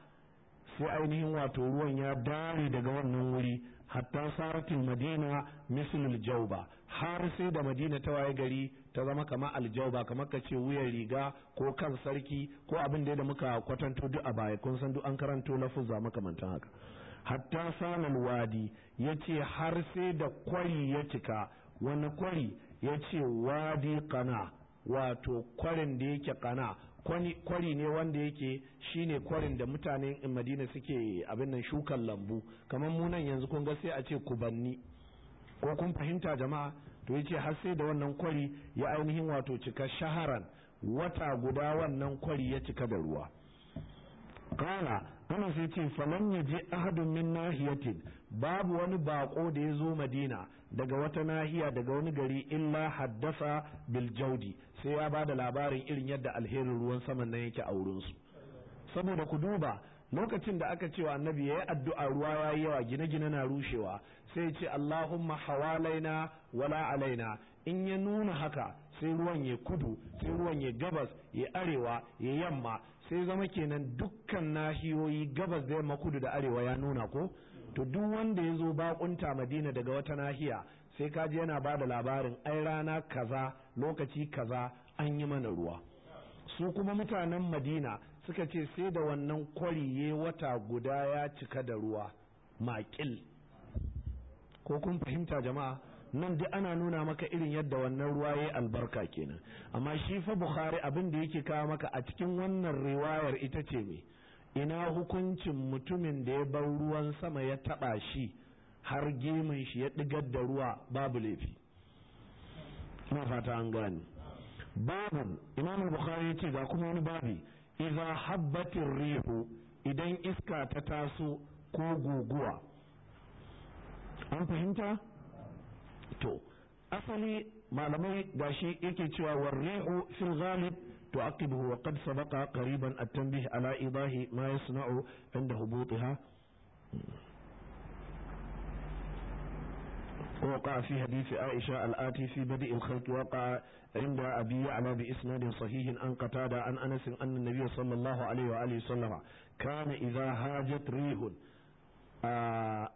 sai ainihin wato ruwan ya dare daga wannan wuri hatta saratin madina mislul jauba har sai da madina ta waye gari ta zama kama aljauba kamar ka ce wuyan riga ko kan sarki ko abin da muka kwatanto duk a baya kun san duk an karanto lafuzza makamantan haka hatta sanal wadi yace har sai da kwari ya cika wani kwari yace wadi kana wato kwarin da yake kana kwari ne wanda yake shine kwarin da mutanen madina suke abin nan shukan lambu kamar munan yanzu kun ga sai a ce kubanni ko kun fahimta jama'a to yace har sai da wannan kwari ya ainihin wato cika shaharan wata guda wannan kwari ya cika da ruwa qala ana sai ce falam yaji ahadun min nahiyatin babu wani bako da ya zo madina daga wata nahiya daga wani gari illa haddasa biljaudi sai ya ba da labarin irin yadda alherin ruwan saman nan yake a wurinsu saboda ku duba lokacin da aka cewa annabi ya yi addu'a ruwa ya yawa gine-gine na rushewa sai ce Allahumma hawalaina wala alaina in ya nuna haka sai ruwan ya kudu sai ruwan ya gabas ya arewa ya yamma sai zama kenan dukkan nahiyoyi gabas da yamma kudu da arewa ya nuna ko to duk wanda ya zo bakunta madina daga wata nahiya sai kaji yana ba da labarin ai rana kaza lokaci kaza an yi mana ruwa su kuma mutanen madina suka ce sai da wannan kwariye wata guda ya cika da ruwa makil ko kun fahimta jama'a nan duk ana nuna maka irin yadda wannan ruwa ya albarka kenan amma shi fa bukhari abin da yake kawo maka a cikin wannan riwayar ita ce me ina hukuncin mutumin da ya bar ruwan sama ya taɓa shi har gemun shi ya ɗigar da ruwa babu laifi na fata an gane babu imamu bukhari ya ce ga kuma wani babi iza habbatin rihu idan iska ta taso ko guguwa an fahimta to asali malamai gashi yake cewa warrihu fil ghalib تعقبه وقد سبق قريبا التنبيه على إيضاح ما يصنع عند هبوطها وقع في حديث عائشة الآتي في بدء الخلق وقع عند أبي يعلى بإسناد صحيح أن قتادة عن أنس أن النبي صلى الله عليه وآله وسلم كان إذا هاجت ريح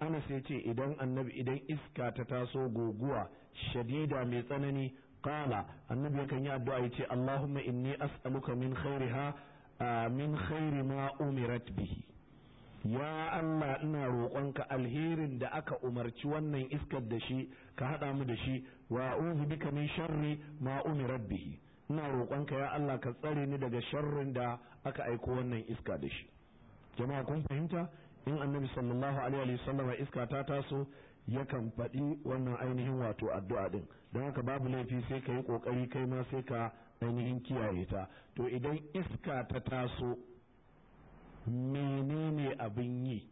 Anas ya ce idan annabi idan iska ta taso guguwa shadida mai tsanani qala annabi yakan yi addu'a yace Allahumma inni as'aluka min khairiha min khairi ma umirat bihi ya Allah ina roƙonka alherin da aka umarci wannan iskar da shi ka haɗa mu da shi wa uzu bika min sharri ma umirat bihi ina roƙonka ya Allah ka tsare ni daga sharrin da aka aiko wannan iska da shi jama'a kun fahimta in annabi sallallahu alaihi wa sallama iska ta taso yakan faɗi wannan ainihin wato addu'a din don haka babu laifi sai ka yi kokari kai ma sai ka ainihin kiyaye ta to idan iska ta taso menene abin yi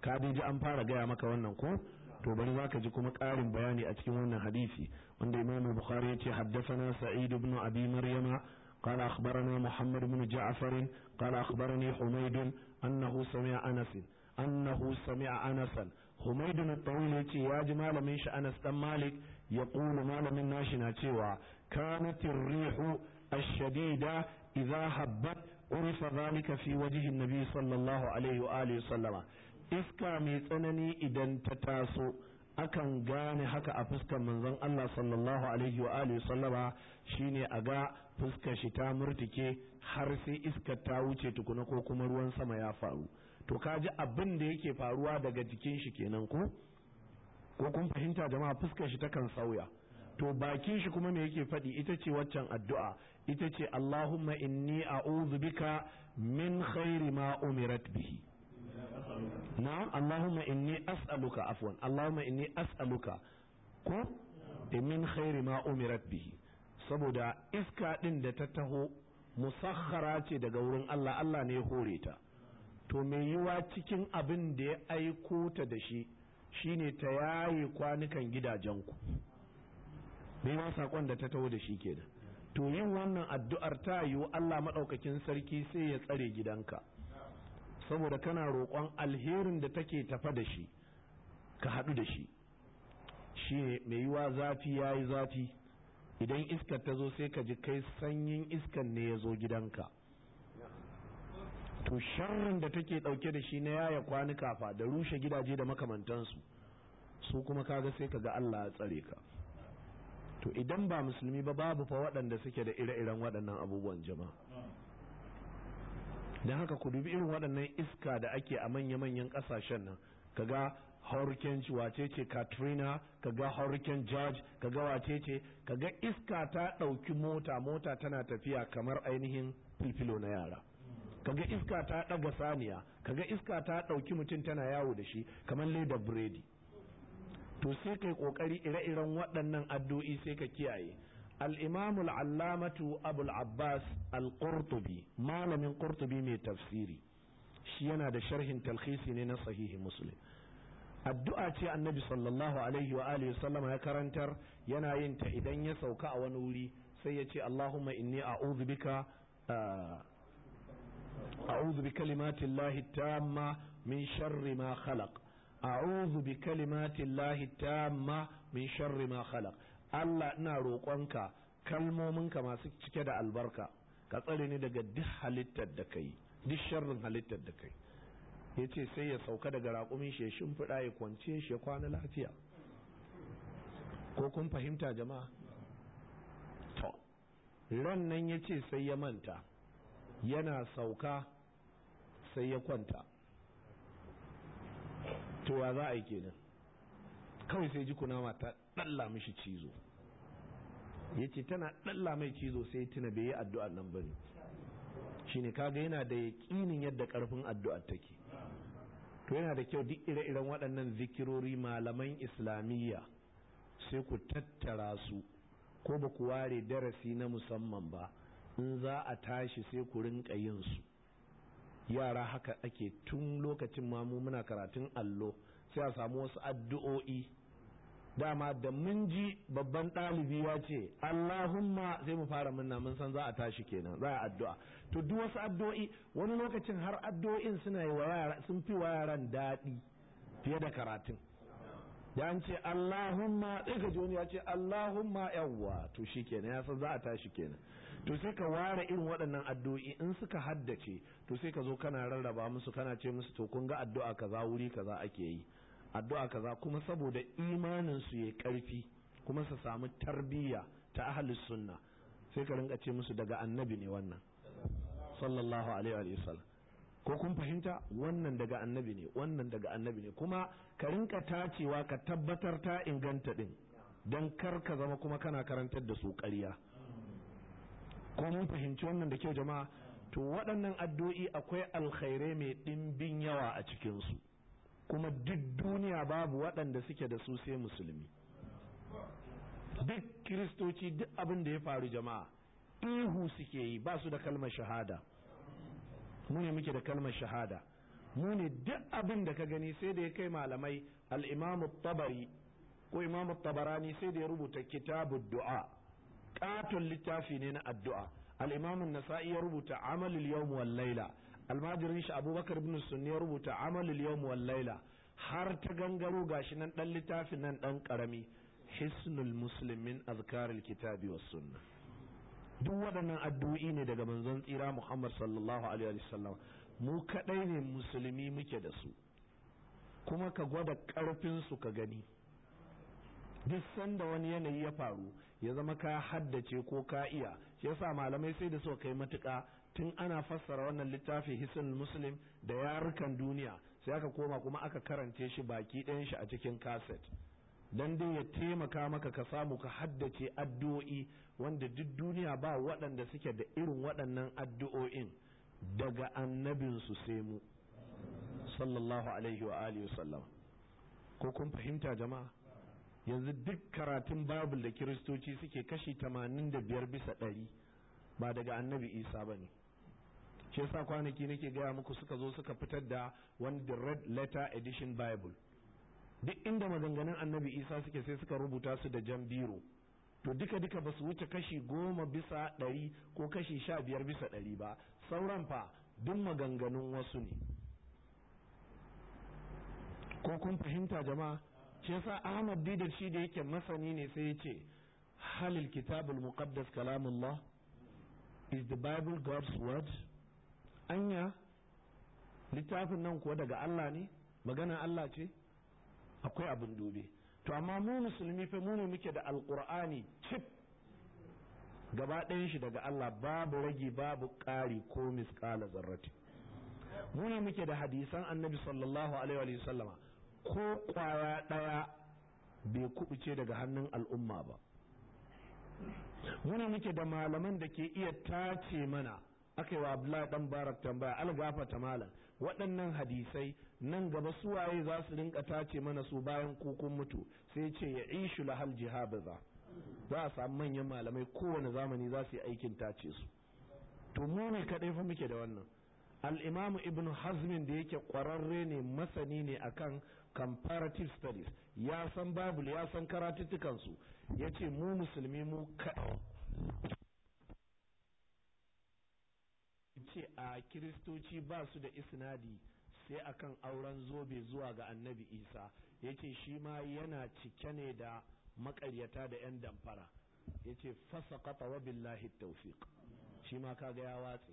ka ji an fara gaya maka wannan ko to bari za ka ji kuma ƙarin bayani a cikin wannan hadisi wanda imam bukhari ya ce haddasana sa'id ibn abi maryama قال أخبرنا محمد بن جعفر قال أخبرني حميد أنه سمع أنس أنه سمع أنسا حميد الطويل يا جمال من أنس مالك ya ƙuna malamin nashi na cewa kanatin rihu ashadida idza habbat urifa zalika fi wajihin nabi sallallahu alaihi wa alihi sallama iska mai tsanani idan ta taso akan gane haka a fuskar manzon Allah sallallahu alaihi wa alihi sallama shine a ga fuskar shi ta murtike har sai iska ta wuce tukuna ko kuma ruwan sama ya faru to kaji abin da yake faruwa daga jikin shi kenan ko ko kun fahimta jama'a fuskar shi takan sauya to bakin shi kuma me yake faɗi ita ce waccan addu'a ita ce Allahumma inni a'udhu bika min khairi ma umirat bihi na Allahumma inni as'aluka afwan Allahumma inni as'aluka ko eh, min khairi ma umirat bihi saboda iska din da ta taho musakhara ce daga wurin Allah Allah ne ya hore ta to me yiwa cikin abin da ya aiko ta da shi shine ta yaye kwanukan gidajenku ku. ma sakon da ta taho da shi kenan to yin wannan addu'ar ta yiwu Allah maɗaukakin sarki sai ya tsare gidanka saboda kana roƙon alherin da take tafa da shi ka haɗu da shi shi mai yiwa zafi ya yi zafi idan iskar ta zo sai ka ji kai sanyin iskar ne ya zo gidanka to sharrin da take dauke da shi na yaya kwani kafa da rushe gidaje da makamantansu su kuma kaga sai ka ga Allah ya tsare ka to idan ba musulmi ba babu fa waɗanda suke da ire-iren waɗannan abubuwan jama'a don haka ku dubi irin waɗannan iska da ake a manya-manyan ƙasashen nan kaga hurricane wace ce katrina kaga hurricane george kaga wace ce kaga iska ta ɗauki mota mota tana tafiya kamar ainihin filfilo na yara Ka ga iska ta ɗaga saniya ka ga iska ta ɗauki mutum tana yawo da shi kamar leda biredi to sai kai ƙoƙari ire-iren waɗannan addu'o'i sai ka kiyaye al allamatu abul abbas al-qurtubi malamin qurtubi mai tafsiri shi yana da sharhin talhisi ne na sahihi muslim addu'a ce annabi sallallahu alaihi wa alihi sallama ya karantar yana yin ta idan ya sauka a wani wuri sai ya ce allahumma inni a'udhu bika ah, أعوذ بكلمات الله التامة من شر ما خلق أعوذ بكلمات الله التامة من شر ما خلق Allah ina roƙonka kalmominka masu cike da albarka ka tsare ni daga duk halittar da kai duk sharrin halittar da kai ya ce sai ya sauka daga raƙumin shi ya shimfiɗa ya kwance shi ya kwana lafiya ko kun fahimta jama'a to nan ya ce sai ya manta yana sauka sai ya kwanta to ya za a yi kenan kawai sai ji kunama ta ɗalla mishi cizo ya ce tana ɗalla mai cizo sai tuna bai yi addu'ar nan ba ne shi ne kaga yana da yaƙinin yadda ƙarfin addu'ar take to yana da kyau duk ire-iren waɗannan zikirori malaman islamiyya sai ku tattara su ko ba ku ware darasi na musamman ba in za a tashi sai ku rinka yin su yara haka ake tun lokacin mamu muna karatun allo sai a samu wasu addu'o'i dama da mun ji babban ɗalibi ya ce Allahumma sai mu fara munna mun san za a tashi kenan za a addu'a to duk wasu addu'o'i wani lokacin har addu'o'in suna yi sun fi wa daɗi fiye da karatun ya an ce Allahumma ɗaya ka ji ya ce Allahumma yawwa to shi kenan ya san za a tashi kenan to sai ka ware irin waɗannan addu'o'i in suka haddace to sai ka zo kana rarraba musu kana ce musu to kun ga addu'a kaza wuri kaza ake yi addu'a kaza kuma saboda imanin su yayi karfi kuma su samu tarbiyya ta ahli sunna sai ka rinka ce musu daga annabi ne wannan sallallahu alaihi wa sallam ko kun fahimta wannan daga annabi ne wannan daga annabi ne kuma ka rinka tacewa ka tabbatar ta inganta din dan kar ka zama kuma kana karantar da su ƙarya ko mun fahimci wannan da kyau jama'a to waɗannan addu'o'i akwai alkhairai mai ɗimbin yawa a cikinsu kuma duk duniya babu waɗanda suke da su sai musulmi duk kiristoci duk abin da ya faru jama'a ihu suke yi ba su da kalmar shahada mu ne muke da kalmar shahada mu ne duk abin da ka gani sai da ya kai malamai al'imamu tabari ko imamu tabarani sai da ya rubuta kitabu du'a katon littafi ne na addu'a al-imam an-nasa'i ya rubuta amalul yawm wal laila almajirin shi abubakar ibn sunni ya rubuta amalul yawm wal laila har ta gangaro gashi nan dan littafin nan dan karami hisnul muslim min kitabi was Sunna. duk waɗannan addu'o'i ne daga manzon tsira Muhammad sallallahu alaihi wasallam mu kadai ne musulmi muke da su kuma ka gwada karfin su ka gani duk sanda wani yanayi ya faru ya zama ka haddace ko ka iya ya sa malamai sai da suka kai matuƙa tun ana fassara wannan littafi hisin muslim da yarukan duniya sai aka koma kuma aka karance shi baki ɗayan shi a cikin kaset Don dai ya taimaka maka ka samu ka haddace addu'o'i wanda duk duniya ba waɗanda suke da irin waɗannan addu'o'in daga annabinsu sai mu sallallahu alaihi wa alihi wasallam ko kun fahimta jama'a yanzu duk karatun babul da kiristoci suke kashi tamanin biyar bisa ɗari ba daga annabi isa ba ne ce sa kwanaki nake gaya muku suka zo suka fitar da wani the red letter edition bible duk inda maganganun annabi isa suke sai suka rubuta su da jan biro to duka duka ba su wuce kashi goma bisa ɗari ko kashi sha biyar bisa ɗari ba sauran fa duk maganganun wasu ne ko kun fahimta jama'a shi yasa Ahmad Didar shi da yake masani ne sai ya ce halil kitabul muqaddas kalamullah is the bible god's word anya littafin nan kuwa daga Allah ne magana Allah ce akwai abin dube to amma mu musulmi fa mu ne muke da alqur'ani chip gaba ɗayan shi daga Allah babu ragi babu ƙari ko misƙala zarrati mu ne muke da hadisan annabi sallallahu alaihi wa sallama ko kwaya ɗaya bai kubuce daga hannun al'umma ba Wani muke da malaman da ke iya tace mana aka yi wa abdullahi dan barak tambaya algafa ta malam waɗannan hadisai nan gaba su waye za su rinka tace mana su bayan kukun mutu sai ce ya ishu lahal jihabiza za a samu manyan malamai kowane zamani za su yi aikin tace su to mu ne kaɗai fa muke da wannan al'imamu ibn hazmin da yake ƙwararre ne masani ne akan comparative studies ya san babul ya san karatuttukansu ya ce mu musulmi mu kaɗa ce a kiristoci ba su da isnadi sai akan auren zobe zuwa ga annabi isa ya ce shi ma yana cike ne da makaryata da 'yan damfara ya ce fasa kafa wa billahi shi ma kaga ya watse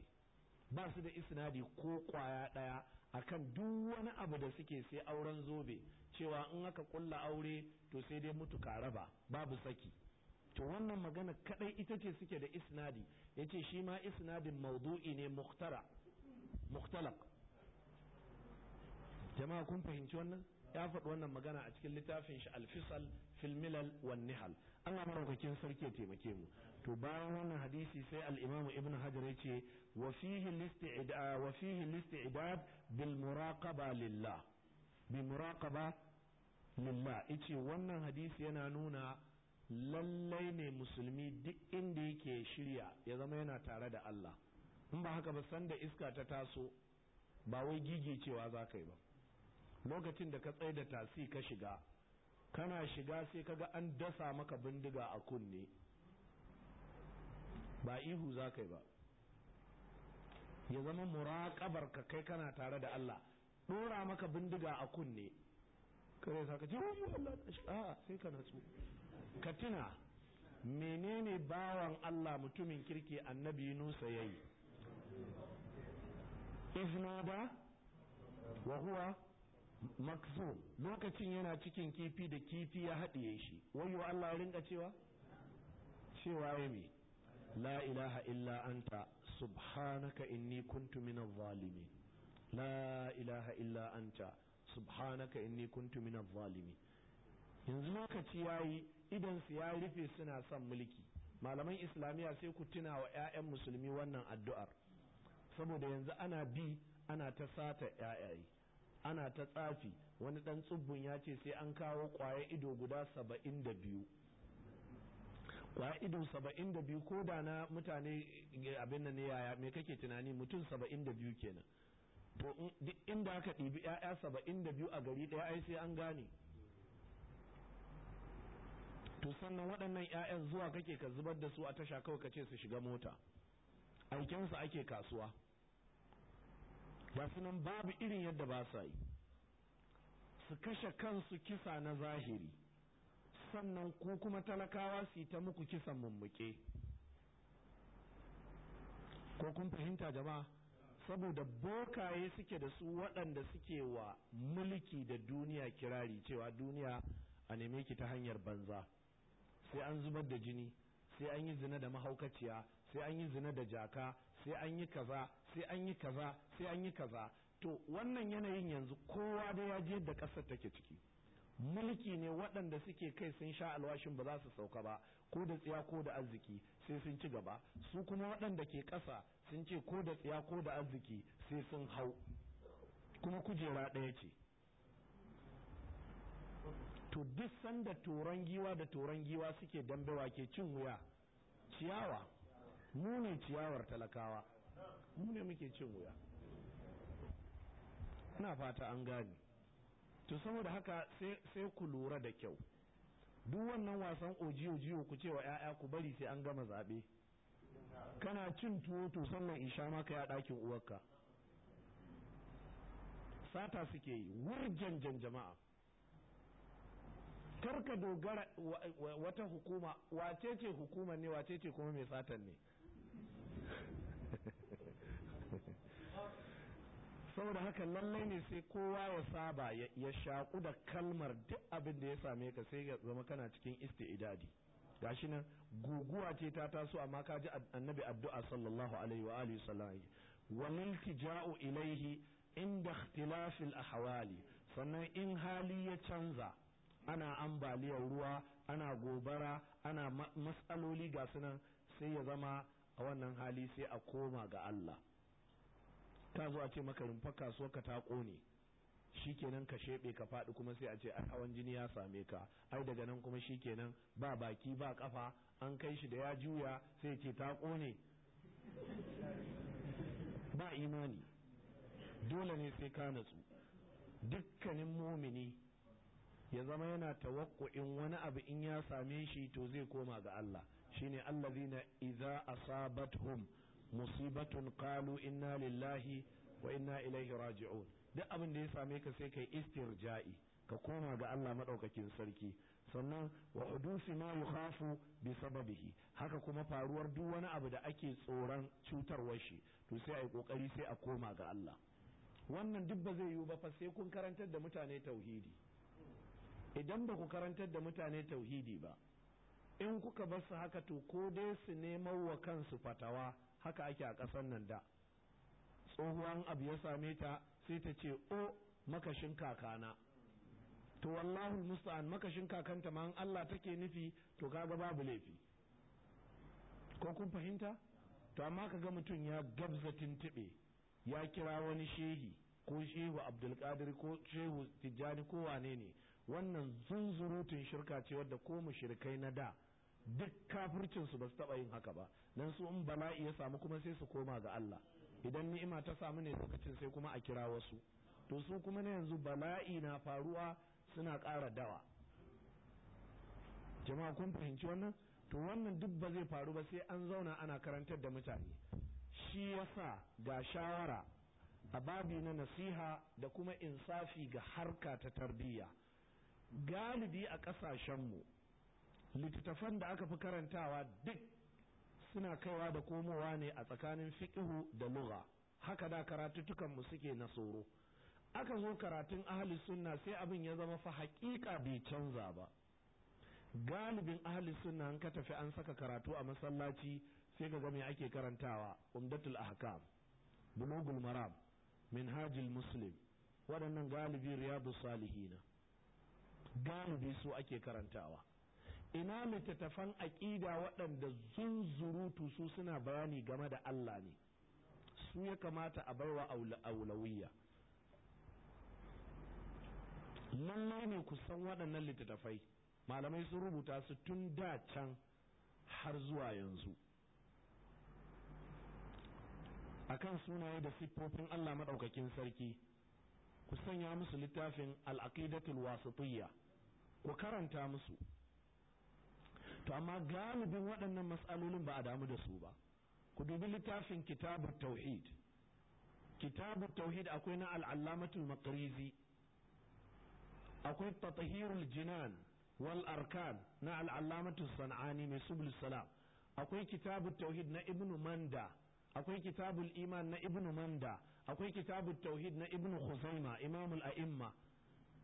ba su da isnadi ko kwaya ɗaya akan duk wani abu da suke sai auren zobe cewa in aka kulla aure to sai dai mutu raba babu saki to wannan magana kadai ita ce suke da isnadi yace shi ma isnadin maudu'i ne muhtara muhtalaq jama'a kun fahimci wannan ya faɗi wannan magana a cikin littafin shi alfisal filmilal wannihal nihal Allah maraukakin sarki ya taimake mu to bayan wannan hadisi sai al-imamu ibn hajar yace wa fihi listi'da wa fihi listi'dad bil muraqaba lillah bi muraqaba lillah yace wannan hadisi yana nuna lallai ne musulmi duk inda yake shirya ya zama yana tare da Allah in ba haka ba sanda iska ta taso ba wai gige cewa za ka ba lokacin da ka tsaye da tasi ka shiga kana shiga sai kaga an dasa maka bindiga a kunne ba ihu za ka yi ba ya zama muraƙabar ka kai kana tare da Allah ɗora maka bindiga a kunne kare sa ka ce wani oh, Allah a sai ka natsu ka tuna menene bawan Allah mutumin kirki annabi Nusa yayi iznada wa huwa makzu lokacin yana cikin kifi da kifi ya haɗiye shi wayo Allah ya cewa cewa ya la ilaha illa anta subhanaka inni kuntu minaz zalimin la ilaha illa anta subhanaka inni kuntu yanzu lokaci yayi idan su ya rufe suna son mulki malaman islamiyya sai ku tuna wa 'ya'yan musulmi wannan addu'ar saboda yanzu ana bi ana ta sata 'ya'yaye ana ta tsafi wani dan tsubbun ya ce sai an kawo kwaye ido guda saba'in da biyu ba ido saba'in da biyu ko da na mutane eh, abin nan ne yaya me kake tunani mutum saba'in da biyu kenan to inda aka ɗibi 'ya'ya saba'in da biyu a gari ɗaya ai sai an gane to sannan waɗannan 'ya'yan zuwa kake ka zubar da su a tasha kawai ka ce su shiga mota aikensu ake kasuwa su nan babu irin yadda ba sa yi su kashe kansu kisa na zahiri sannan ko kuma talakawa su ta muku kisan mummuke ko kun fahimta jama'a saboda bokaye suke da su waɗanda suke wa mulki da duniya kirari cewa duniya a neme ki ta hanyar banza sai an zubar da jini sai an yi zina da mahaukaciya sai an yi zina da jaka sai an yi kaza sai an yi kaza sai an yi kaza to wannan yanayin yanzu kowa da ya je da ƙasar take ciki mulki ne waɗanda suke kai sun sha alwashin ba za su sauka ba ko da tsiya ko da arziki sai sun ci gaba su kuma waɗanda ke ƙasa sun ce ko da tsiya ko da arziki sai sun hau kuma kujera ɗaya ce to duk sanda toron giwa da toron giwa suke dambewa ke cin wuya ciyawa mu ne ciyawar talakawa mu ne muke cin wuya ina fata an gani to saboda haka sai ku lura da kyau duk wannan wasan ojiyo jiyo ku ce wa 'ya'ya ku bari sai an gama zaɓe kana cin tuwo to sannan isha maka ya ɗakin uwarka sata suke yi jan jama'a karka dogara wata hukuma wace ce hukuma ne wace ce kuma mai satan ne saboda haka lallai ne sai kowa ya saba ya shaƙu da kalmar duk abin da ya same ka sai ya zama kana cikin isti'idadi gashi nan guguwa ce ta taso amma ka ji annabi addu'a sallallahu alaihi wa alihi sallam wa miltija'u ilaihi inda ikhtilafil ahwali sannan in hali ya canza ana ambaliyar ruwa ana gobara ana matsaloli ga sunan sai ya zama a wannan hali sai a koma ga Allah ta zo a ce maka rumfa kasuwar ka ta kone shikenan ka shebe ka faɗi kuma sai a ce ai hawan jini ya same ka ai daga nan kuma shikenan ba baki ba kafa an kai shi da ya juya sai ce ta kone ba imani dole ne sai ka natsu dukkanin mumini ya zama yana tawakku'in wani abu in ya same shi to zai koma ga Allah shine allazina idza hum musibatun qalu inna lillahi wa inna ilaihi raji'un duk abin da ya same ka sai kai istirja'i ka koma ga Allah madaukakin sarki sannan wa hudusi ma bi sababihi haka kuma faruwar duk wani abu da ake tsoron cutarwar shi to sai ai kokari sai a koma ga Allah wannan duk ba zai yiwu ba fa sai kun karantar da mutane tauhidi idan ba ku karantar da mutane tauhidi ba in kuka bar su haka to ko dai su nemo wa kansu fatawa haka ake a ƙasar nan da tsohuwan abu ya same ta sai ta ce o makashin kakana to wallahu musta'an makashin kakanta ma Allah take nufi to kaga babu laifi ko kun fahimta to amma kaga mutum ya gabza tuntube ya kira wani shehi ko shehu abdulkadir ko shehu tijjani ko wane ne wannan zunzurutun shirka ce wadda ko mushrikai na da duk kafircinsu ba su taɓa yin haka ba don su in bala'i ya samu kuma sai su koma ga Allah idan ni'ima ta samu ne lokacin sai kuma a kira wasu to su kuma na yanzu bala'i na faruwa suna ƙara dawa jama'a kun fahimci wannan to wannan duk ba zai faru ba sai an zauna ana karantar da mutane shi yasa ga shawara a babi na nasiha da kuma insafi ga harka ta tarbiyya galibi a ƙasashenmu littattafan da aka fi karantawa duk suna kaiwa da komowa ne a tsakanin fiƙihu da lugha haka da karatuttukan mu suke na tsoro aka zo karatun ahli sunna sai abin ya zama fa haƙiƙa bai canza ba galibin ahli sunna an ka tafi an saka karatu a masallaci sai ka ga ake karantawa umdatul ahkam bulugul maram minhajul muslim waɗannan galibi riyadu salihina galibi su ake karantawa ina littattafan aƙida waɗanda zunzurutu su suna bayani game da Allah ne su ya kamata a wa aulawiyya lallai ne ku san waɗannan littattafai malamai sun rubuta su tun da can har zuwa yanzu akan sunaye da siffofin Allah maɗaukakin sarki ku sanya musu littafin al'aqidatul wasitiyya ku karanta musu to amma galibin waɗannan matsalolin ba a damu da su ba ku dubi littafin kitabu tauhid kitabu tauhid akwai na al'allamatul maqrizi akwai tatahirul jinan wal arkan na al'allamatul san'ani mai subul salam akwai kitabu tauhid na ibnu manda akwai kitabul iman na ibnu manda akwai kitabu tauhid na ibnu khuzaima imamul a'imma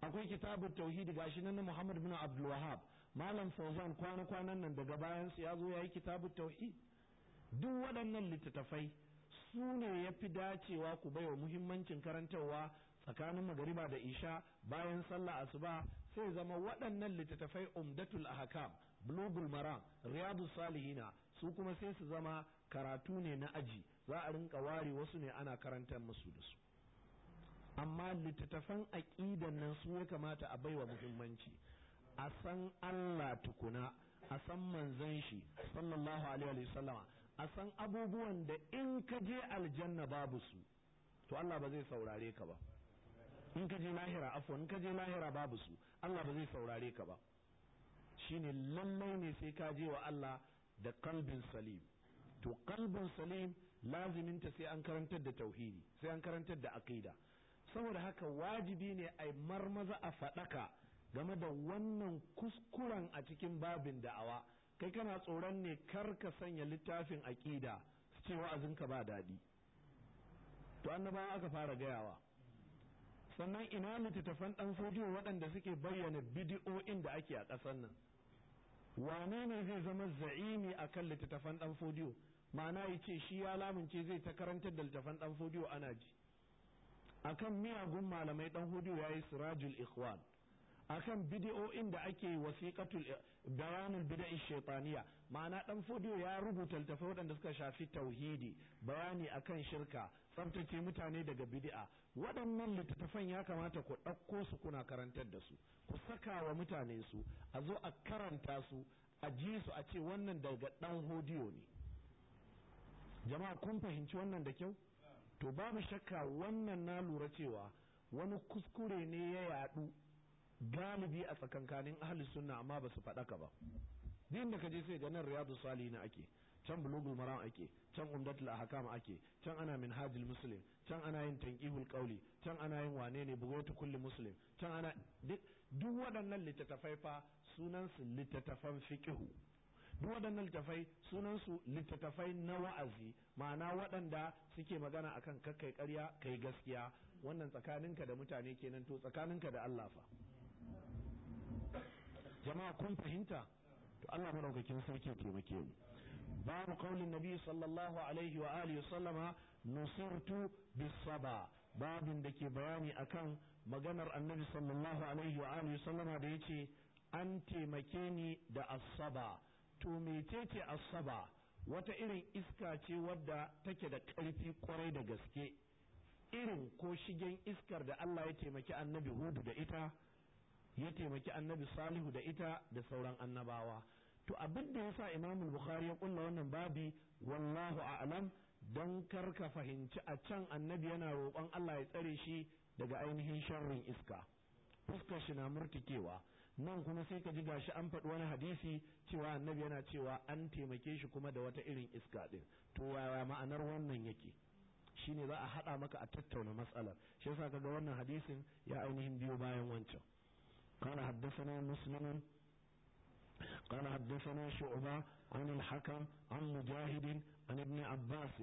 akwai kitabu tauhid gashi nan na muhammad bin abdul wahab malam fauzan kwana-kwanan nan daga bayan su ya zo ya yi kitabu tauhid duk waɗannan littattafai su ne ya fi dacewa ku baiwa muhimmancin karantarwa tsakanin magariba da isha bayan sallah asuba sai zama waɗannan littattafai umdatul Ahakam, bulugul maram riyadu salihina su kuma sai su zama karatu ne na aji za a rinka ware wasu ne ana karantar musu da su amma littattafan aƙidan nan su ya kamata a baiwa muhimmanci a san Allah tukuna a san manzon shi sallallahu alaihi wa sallama a san abubuwan da in ka je aljanna babu su to Allah ba zai saurare ka ba in ka je lahira afwan in ka je lahira babu su Allah ba zai saurare ka ba shine lallai ne sai ka je wa Allah da kalbin salim to kalbin salim laziminta sai an karantar da tauhidi sai an karantar da aqida saboda haka wajibi ne a marmaza a faɗaka game da wannan kuskuren a cikin babin da'awa kai kana tsoron ne kar ka sanya littafin aƙida su ce wa'azinka ba daɗi to annabawa aka fara gayawa sannan ina littattafan ɗan fodiyo waɗanda suke bayyana bidi'o'in da ake a ƙasar nan wane ne zai zama za'imi a kan littattafan ɗan fodiyo ma'ana ya ce shi ya lamunce zai ta karantar da littattafan ɗan fodiyo ana ji akan miyagun malamai ɗan fodiyo ya yi sirajul ikhwan akan bidiyo'in da ake wasiqatul eh, bayanul bid'i shaytaniya ma'ana dan fodiyo ya rubuta littafai waɗanda suka shafi tauhidi bayani akan shirka tsaftace mutane daga bid'a waɗannan littattafan ya kamata ku ɗauko su kuna karantar da su ku saka wa mutane su a zo a karanta su a ji su a ce wannan daga dan hodiyo ne jama'a kun fahimci wannan da kyau to babu shakka wannan na lura cewa wani kuskure ne ya yaɗu galibi a tsakankanin ahli sunna amma ba su ka ba din da je sai ga nan riyadu salihin ake can bulugul maram ake can umdatul ahkam ake can ana minhajul muslim can ana yin tanqihul qawli can ana yin wane ne bugawtu kulli muslim can ana duk waɗannan littattafai fa sunan su littattafan fiqhu duk waɗannan littattafai sunan su littattafai na wa'azi ma'ana waɗanda suke magana akan kakkai ƙarya kai gaskiya wannan tsakaninka da mutane kenan to tsakaninka da Allah fa jama'a kun fahimta to Allah madaukakin sarki ya taimake mu babu qaulin nabi sallallahu alaihi wa alihi sallama nusirtu bisaba babin da ke bayani akan maganar annabi sallallahu alaihi wa alihi sallama da yace an taimake ni da asaba to mecece asaba wata irin iska ce wadda take da ƙarfi kwarai da gaske irin ko shigen iskar da Allah ya taimaki annabi hudu da ita ya taimaki annabi salihu da ita da sauran annabawa to abin da ya sa imamul bukhari ya kulla wannan babi wallahu a'lam don kar ka fahimci a can annabi yana roƙon Allah ya tsare shi daga ainihin sharrin iska fuskar shi na murtikewa nan kuma sai ka ji gashi an faɗi wani hadisi cewa annabi yana cewa an taimake shi kuma da wata irin iska ɗin to yaya ma'anar wannan yake shine za a haɗa maka a tattauna matsalar shi yasa kaga wannan hadisin ya ainihin biyo bayan wancan قال حدثنا مسلم قال حدثنا شعبة عن الحكم عن مجاهد عن ابن عباس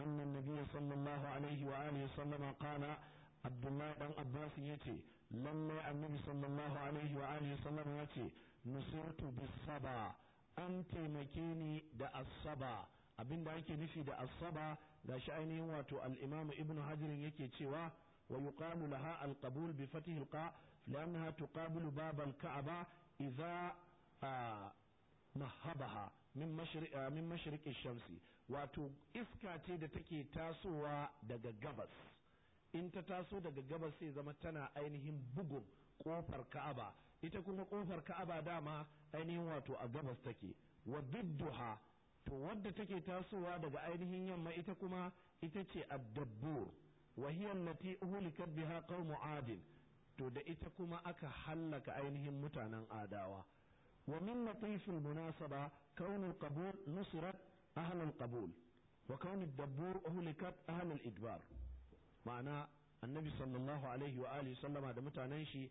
أن النبي صلى الله عليه وآله وسلم قال عبد الله بن عباس يتي لما النبي صلى الله عليه وآله وسلم يتي نصرت بالصبا an taimake ni da asaba abin da ake nufi da asaba ga shi ainihin wato al-imamu ibnu hajirin yake cewa wa yuqalu laha al-qabul bi fathil qa لأنها تقابل باب الكعبة إذا نهبها min mashriƙi shamsi wato iska ce da take tasowa daga gabas in ta taso daga gabas sai zama tana ainihin bugun ƙofar ka'aba ita kuma ƙofar ka'aba dama ainihin wato a gabas take wa bidduha to wadda take tasowa daga ainihin yamma ita kuma ita ce ad-dabbur wa hiya allati uhlikat biha qaumu adin to da ita kuma aka hallaka ainihin mutanen adawa wa min latifil munasaba kaunul qabul nusrat ahlul qabul wa kaunul dabbur uhlikat ahlul idbar ma'ana annabi sallallahu alaihi wa alihi sallama da mutanen shi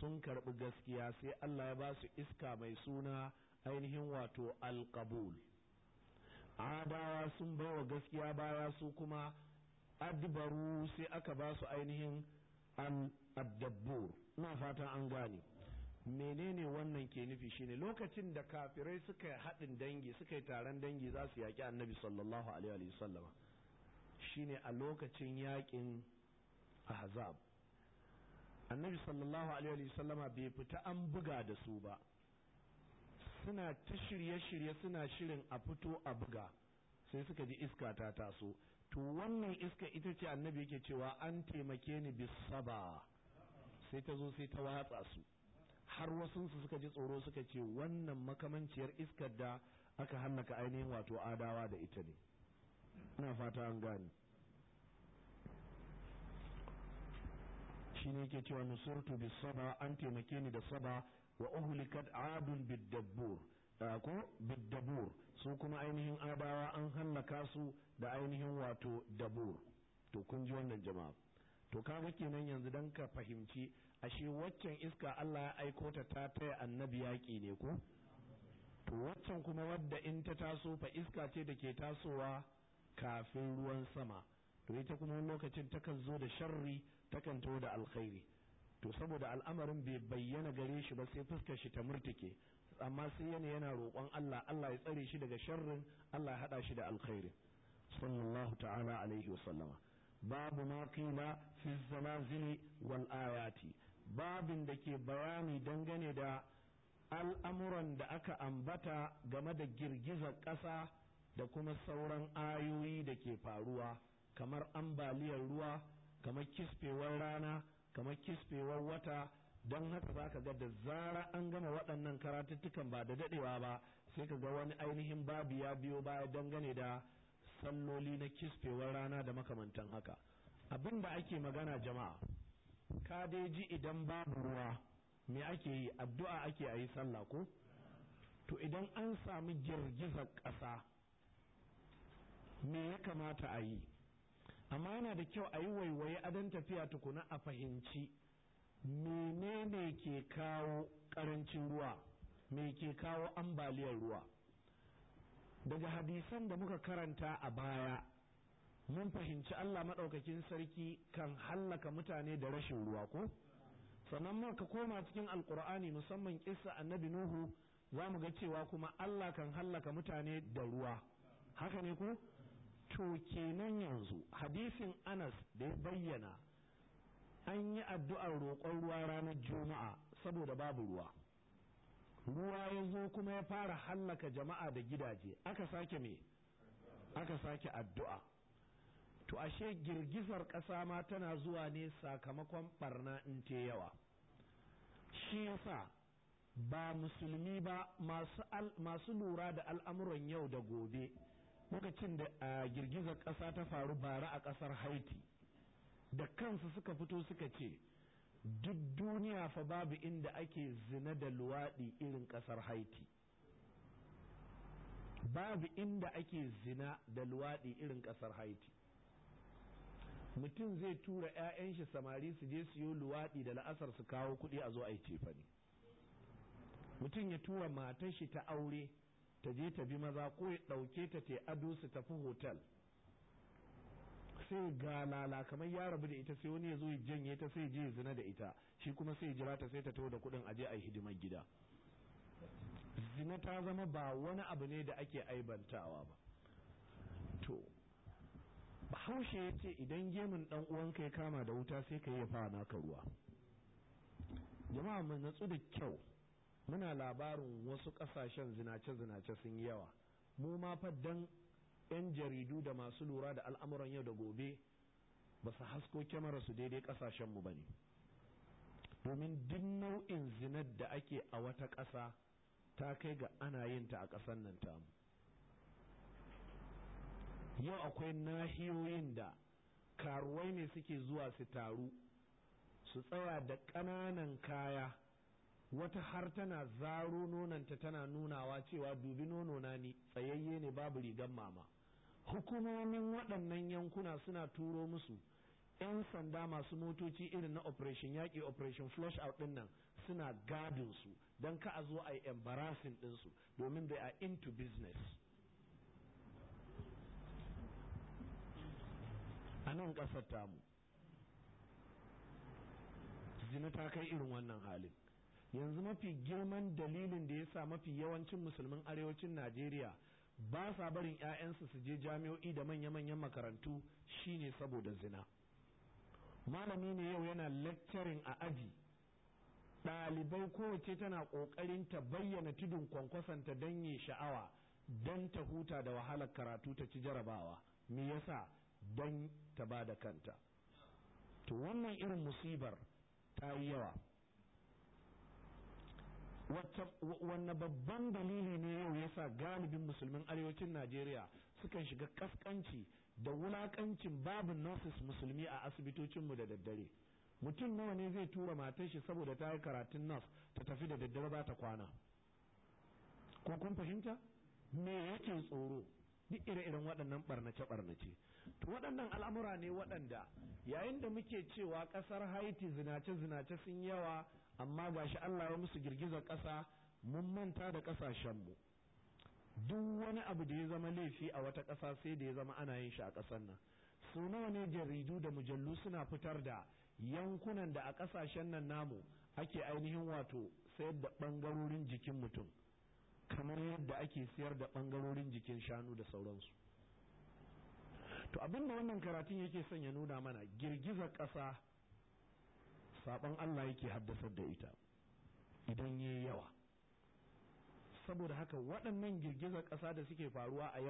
sun karbi gaskiya sai Allah ya ba su iska mai suna ainihin wato alqabul adawa sun bawa gaskiya baya su kuma adbaru sai aka ba su ainihin an addabbur na fata an gane menene wannan ke nufi shine lokacin da kafirai suka yi haɗin dangi suka yi taron dangi za su yaƙi annabi sallallahu alaihi wasallama shine a lokacin yaƙin ahzab annabi sallallahu alaihi wasallama bai fita an buga da su ba suna ta shirye-shirye suna shirin a fito a buga sai suka ji iska ta taso to wannan iska ita ce annabi yake cewa an taimake ni bisaba sai ta zo sai ta watsa su har wasu suka ji tsoro suka ce wannan makamanciyar iskar da aka hannaka ainihin wato adawa da ita ne ina fata an gane shine yake cewa nusurtu bis saba an taimake ni da saba wa uhlikat adun bid dabur ah, ko bid dabur su kuma ainihin adawa an hallaka su da ainihin wato dabur to kun ji wannan jama'a to kaga kenan yanzu dan ka fahimci ashe waccan iska Allah ya aiko ta ta taya annabi yaƙi ne ko to waccan kuma wadda in ta taso fa iska ce da ke tasowa kafin ruwan sama to ita kuma lokacin takan zo da sharri takan to da alkhairi to saboda al'amarin bai bayyana gare shi ba sai fuskar shi ta murtuke amma sai yana yana roƙon Allah Allah ya tsare shi daga sharrin Allah ya hada shi da alkhairi sallallahu ta'ala alaihi wa sallama babu ma qila fi zalazili wal ayati babin da ke bayani dangane da al'amuran da aka ambata game da girgizar ƙasa da kuma sauran ayoyi da ke faruwa kamar ambaliyar ruwa kamar kisfewar rana kamar kisfewar wata don haka za ka ga da zara an gama waɗannan karatuttukan ba da daɗewa ba sai ka ga wani ainihin babu ya biyo baya dangane da salloli na kispewar rana da makamantan haka abin da ake magana jama'a ka dai ji idan babu ruwa me ake yi addu'a ake a yi sallah ko to idan an sami girgizar ƙasa me ya kamata a yi amma yana da kyau a yi waiwaye adon tafiya tukuna a fahimci menene ke kawo ƙarancin ruwa me ke kawo ambaliyar ruwa daga hadisan da muka karanta a baya mun fahimci Allah maɗaukakin sarki kan hallaka mutane da rashin ruwa ko sannan muka koma cikin alkur'ani musamman kissa annabi nuhu za mu ga cewa kuma Allah kan hallaka mutane da ruwa haka ne ku? to kenan yanzu hadisin anas da ya bayyana an yi addu'ar roƙon ruwa ranar juma'a saboda babu ruwa ruwa ya zo kuma ya fara hallaka jama'a da gidaje aka sake me aka sake addu'a to ashe girgizar ƙasa ma tana zuwa ne sakamakon barna in te yawa shi yasa ba musulmi ba masu lura da al'amuran yau da gobe lokacin da a girgizar ƙasa ta faru bara a ƙasar haiti da kansu suka fito suka ce duk duniya fa babu inda ake zina da luwaɗi irin ƙasar haiti babu inda ake zina da luwaɗi irin ƙasar haiti mutum zai tura 'ya'yan shi samari su je siyo luwaɗi da la'asar su kawo kuɗi a zo a yi cefane mutum ya tura matar shi ta aure ta je ta bi maza ko ya ɗauke ta ta ado su tafi hotel sai ga lala kamar ya rabu da ita sai wani ya zo ya janye ta sai je zina da ita shi kuma sai jira ta sai ta tawo da kuɗin aje a hidimar gida zina ta zama ba wani abu ne da ake aibantawa ba to haushe ya ce idan gemun dan uwanka ya kama da wuta sai ka yi fara naka ruwa jama'a mu natsu da kyau muna labarin wasu kasashen zinace-zinace sun yawa mu ma fa dan 'yan jaridu da masu lura da al'amuran yau da gobe ba su hasko kyamara su daidai kasashenmu ba ne domin duk nau'in zinar da ake a wata ƙasa ta kai ga ana yin ta a ƙasar nan tamu yau akwai nahiyoyin da karuwai ne suke zuwa su taru su tsaya da ƙananan kaya wata har tana zaro nonanta tana nunawa cewa dubi nono na ni tsayayye ne babu rigan mama hukumomin waɗannan yankuna suna turo musu 'yan sanda masu motoci irin na operation yaƙi operation flush out ɗin nan suna gadin su don ka a zo a yi embarrassing ɗinsu domin they are into business a nan ƙasar tamu zina ta kai irin wannan halin yanzu mafi girman dalilin da ya sa mafi yawancin musulmin arewacin najeriya ba sa barin 'ya'yansu su je jami'o'i da manya-manyan makarantu shine saboda zina malami ne yau yana lecturing a aji ɗalibai kowace tana ƙoƙarin ta bayyana tudun kwankwasanta don yi sha'awa don ta huta da wahalar karatu ta ci jarabawa me yasa don ta ba da kanta to wannan irin musibar ta yi yawa wanne babban dalili ne yau ya sa galibin musulmin arewacin najeriya sukan shiga kaskanci da wulakancin babu nurses musulmi a asibitocinmu da daddare mutum nawa ne zai tura matar shi saboda ta yi karatun nurse ta tafi da daddare ba ta kwana ko kun fahimta me yake tsoro duk ire-iren waɗannan barnace-barnace to waɗannan al'amura ne waɗanda yayin da muke cewa ƙasar haiti zinace-zinace sun yawa amma shi Allah ya musu girgizar ƙasa mun manta da ƙasashenmu duk wani abu da ya zama laifi a wata ƙasa sai da ya zama ana yin shi a ƙasar nan su nawa ne jaridu da mujallu suna fitar da yankunan da a ƙasashen nan namu ake ainihin wato sayar da ɓangarorin jikin mutum kamar yadda ake sayar da bangarorin jikin shanu da sauransu to abinda wannan karatun yake son ya nuna mana girgizar ƙasa saɓon Allah yake haddasar da ita idan ya yi yawa saboda haka waɗannan girgizar ƙasa da suke faruwa a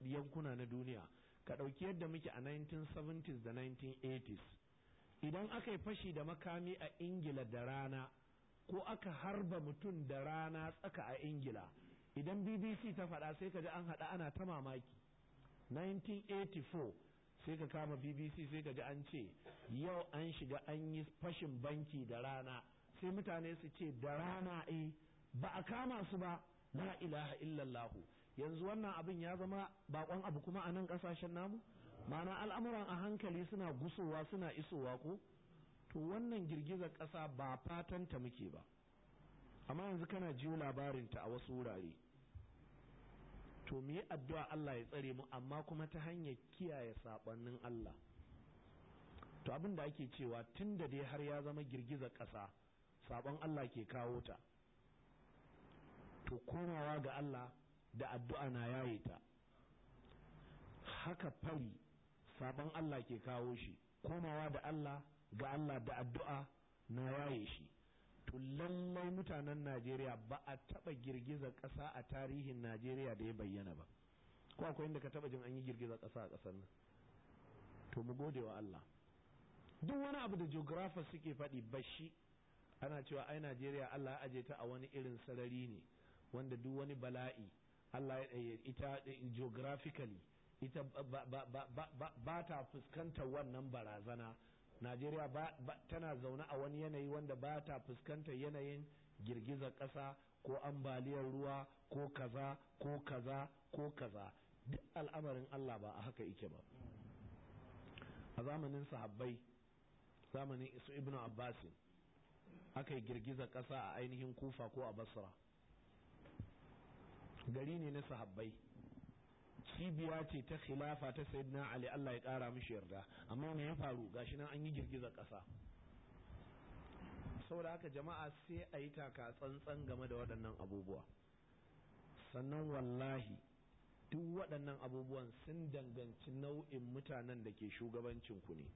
yankuna na duniya ka ɗauki yadda muke a 1970s da 1980s idan aka yi fashi da makami a ingila da rana ko aka harba mutum da rana tsaka a ingila idan bbc ta faɗa sai ka ji an haɗa ana ta mamaki 1984 sai ka kama bbc sai ka ji an ce yau an shiga an yi fashin banki da rana sai mutane su ce da rana eh ba a kama su ba la ilaha illallahu yanzu wannan abin ya zama bakon abu kuma a nan kasashen namu Ma'ana al'amuran a hankali suna gusowa suna isowa ko to wannan girgizar ƙasa ba fatanta muke ba amma yanzu kana jiyo labarinta a wasu wurare to mu yi addu'a Allah ya tsare mu amma kuma ta hanyar kiyaye sabannin Allah to abin da ake cewa tun da dai har ya zama girgiza ƙasa sabon Allah ke kawo ta to komawa ga Allah da addu'a na yaye ta haka fari sabon Allah ke kawo shi komawa da Allah ga Allah da addu'a na yaye shi to lallai mutanen najeriya ba a taba girgiza ƙasa a tarihin najeriya da ya bayyana ba ko akwai inda ka taba jin an yi girgizar ƙasa a ƙasar nan to mu gode wa Allah duk wani abu da geografa suke faɗi bashi ana cewa ai Najeriya Allah ya aje ta a wani irin sarari ne wanda duk wani bala'i Allah ya eh, ita eh, geographically ita ba ta fuskantar wannan barazana najeriya tana zaune a wani yanayi wanda ba ta fuskantar yanayin girgizar ƙasa ko ambaliyar ruwa ko kaza ko kaza ko kaza duk al'amarin allah ba a haka ike ba a zamanin sahabbai zamanin isu ibnu Abbasi, aka yi girgizar ƙasa a ainihin kufa ko a basra gari ne na sahabbai cibiya ce ta khilafa ta sayyidina ali Allah ya kara mishi yarda amma me ya faru gashi nan an yi girgizar kasa saboda haka jama'a sai a yi taka tsantsan game da waɗannan abubuwa sannan wallahi duk waɗannan abubuwan sun danganci nau'in mutanen da ke shugabancin ku ne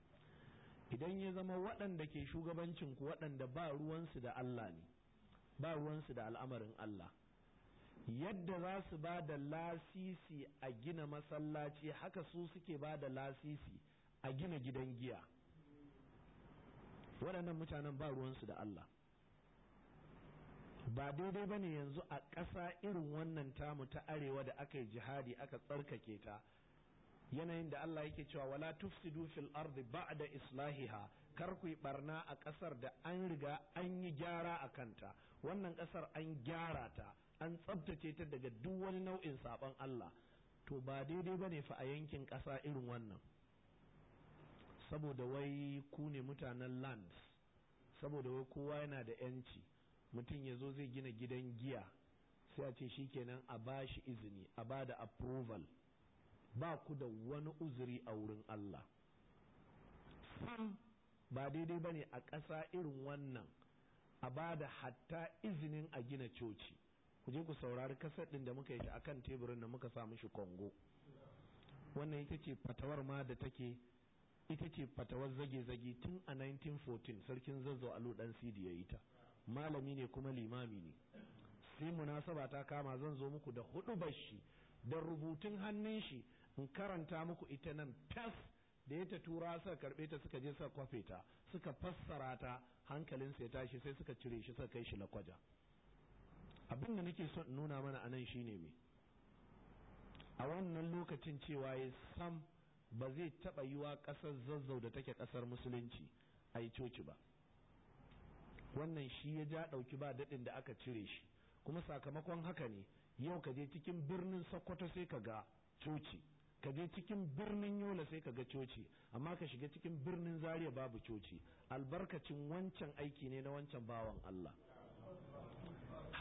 idan ya zama waɗanda ke shugabancin ku waɗanda ba ruwansu da Allah ne ba ruwansu da al'amarin Allah yadda za su ba da lasisi a gina masallaci haka su suke ba da lasisi a gina gidan giya waɗannan mutanen ba ruwansu da Allah ba daidai ba ne yanzu a ƙasa irin wannan tamu ta arewa da aka yi jihadi aka tsarkake ta yanayin da Allah yake cewa wala tufsidu fil ardi ba'da islahiha kar ku barna a ƙasar da an riga an yi gyara a kanta wannan ƙasar an gyara ta an tsabtace ta daga duk wani nau'in saban Allah to ba daidai ba ne fa a yankin ƙasa irin wannan saboda wai ku ne mutanen land saboda wai kowa yana da yanci mutum ya zo zai gina gidan giya sai a ce shi kenan a ba shi izini a ba da approval ba ku da wani uzuri a wurin Allah sam ba daidai ba ne a ƙasa irin wannan a ba da hatta izinin a gina coci ku je ku saurari kasar din da muka yi ta akan teburin da muka sa mishi kongo wannan ita ce fatawar ma da take ita ce fatawar zage-zage tun a 1914 sarkin zazzau alu dan sidi ya yi ta malami ne kuma limami ne sai munasaba ta kama zan zo muku da hudu bashi da rubutun hannun shi in karanta muku ita nan tas da ya ta tura suka karbe ta suka je suka kwafe ta suka fassara ta hankalinsa ya tashi sai suka cire shi suka kai shi lakwaja abin da nake son nuna mana anan shine me a wannan lokacin cewa ya sam ba zai taɓa yiwa ƙasar zazzau da take ƙasar musulunci a yi coci ba wannan shi ya ja ɗauki ba daɗin da aka cire shi kuma sakamakon haka ne yau ka je cikin birnin sokoto sai ka ga coci ka je cikin birnin yola sai ka ga coci amma ka shiga cikin birnin zaria babu coci albarkacin wancan aiki ne na wancan bawan allah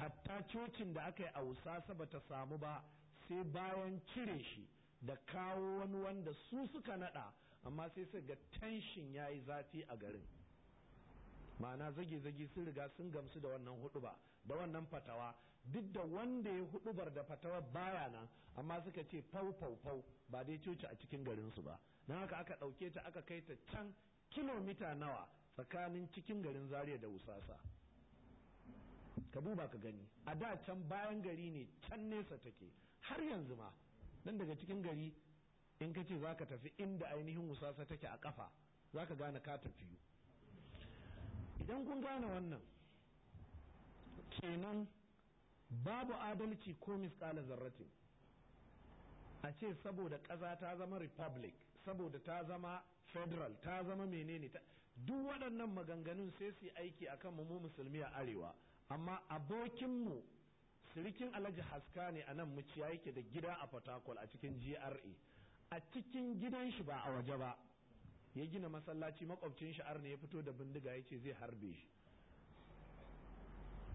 hatta cocin da aka yi a wusasa ba ta samu ba sai bayan cire shi da kawo wani wanda su suka nada amma sai su ga tanshin ya yi zafi a garin ma'ana zage-zage sun riga sun gamsu da wannan huduba da wannan fatawa duk da wanda ya hudubar da fatawa baya nan amma suka ce fau fau fau ba dai coci a cikin garinsu ba don haka aka ɗauke ta aka kai ta can kilomita nawa tsakanin cikin garin zaria da wusasa ka duba ka gani a da can bayan gari ne can nesa take har yanzu ma nan daga cikin gari in ka ce za ka tafi inda ainihin wusasa take a ƙafa za ka gane ka tafi idan kun gane wannan kenan babu adalci ko miskala zarratin a ce saboda ƙasa ta zama republic saboda ta zama federal ta zama menene ta duk waɗannan maganganun sai su aiki akan mu musulmi a arewa amma abokinmu sirikin alhaji haska ne a nan muciya yake da gida a fatakwal a cikin gra a cikin gidan shi ba a waje ba ya gina masallaci makwabcin shi ne ya fito da bindiga ya ce zai harbe shi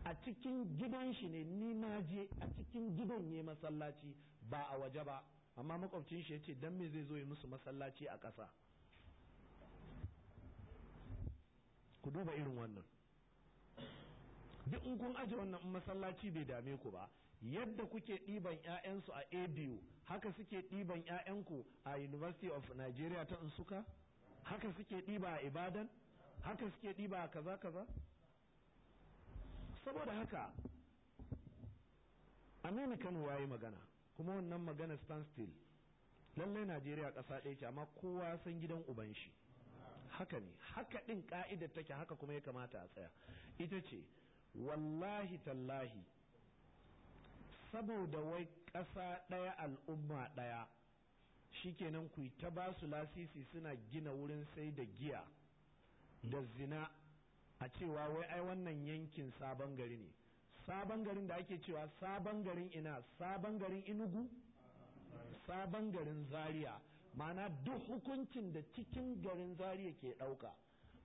a cikin gidan shi ne ni na je a cikin gidan ne masallaci ba a waje ba amma makwabcin shi ya ce don me zai zo ya musu masallaci a ƙasa ku duba irin wannan duk in kun aje wannan masallaci bai dame ku ba yadda kuke ɗiban ƴaƴansu a ABU haka suke ɗiban ƴaƴanku a University of Nigeria ta Nsuka haka suke ɗiba a Ibadan haka suke ɗiba a kaza kaza saboda haka Aminu Kano waye magana kuma wannan magana stand still lallai Najeriya ƙasa ɗaya ce amma kowa san gidan uban shi haka ne haka ɗin ka'idar take haka kuma ya kamata a tsaya ita ce wallahi tallahi saboda wai ƙasa ɗaya al'umma ɗaya shi shikenan ku ta ba su lasisi suna gina wurin sai da giya da zina a cewa wai ai wannan yankin sabon gari ne sabon garin da ake cewa sabon garin ina sabon garin inugu sabon garin zaria ma'ana duk hukuncin da cikin garin zaria ke ɗauka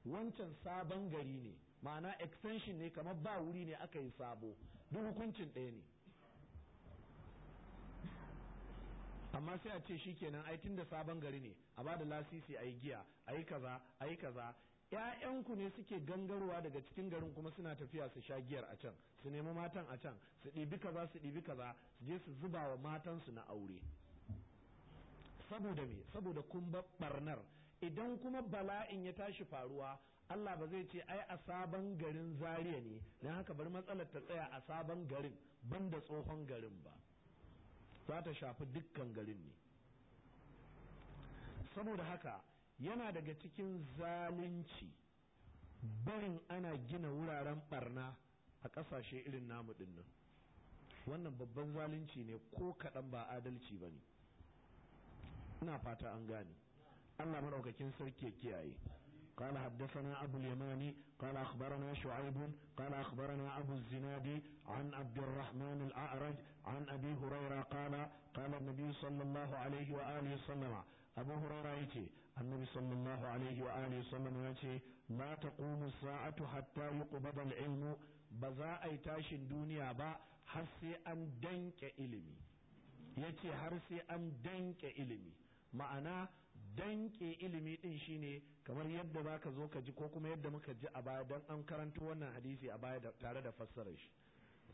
wancan sabon gari ne ma'ana extension ne kamar ba wuri ne aka yi sabo duk hukuncin ɗaya ne amma sai a ce shi kenan ai tun da sabon gari ne a ba da lasisi a yi giya a yi kaza a yi kaza ‘ya'yanku ne suke gangarwa daga cikin garin kuma suna tafiya su sha giyar a can su nemi matan a can su ɗibi kaza su ɗibi kaza su je su zuba wa matansu na aure saboda me saboda kun barnar idan kuma bala'in ya tashi faruwa Allah ba zai ce ai a sabon garin Zariya ne don haka bari matsalar ta tsaya a sabon garin ban da tsohon garin ba za ta shafi dukkan garin ne saboda haka yana daga cikin zalunci barin ana gina wuraren barna a ƙasashe irin namu dinnan wannan babban zalunci ne ko kaɗan ba adalci ba ne ina fata an gane Allah maɗaukakin sarki ya kiyaye قال حدثنا أبو اليماني قال أخبرنا شعيب قال أخبرنا أبو الزناد عن عبد الرحمن الأعرج عن أبي هريرة قال قال النبي صلى الله عليه وآله وسلم أبو هريرة يتي النبي صلى الله عليه وآله وسلم يتي لا تقوم الساعة حتى يقبض العلم بزا أي تاش دنيا با حسي أن دنك إلمي يتي حرسي أن دنك إلمي معناه danke ilimi din shine kamar yadda zaka zo ka ji ko kuma yadda muka ji a baya dan an karanto wannan hadisi a baya tare da fassarar shi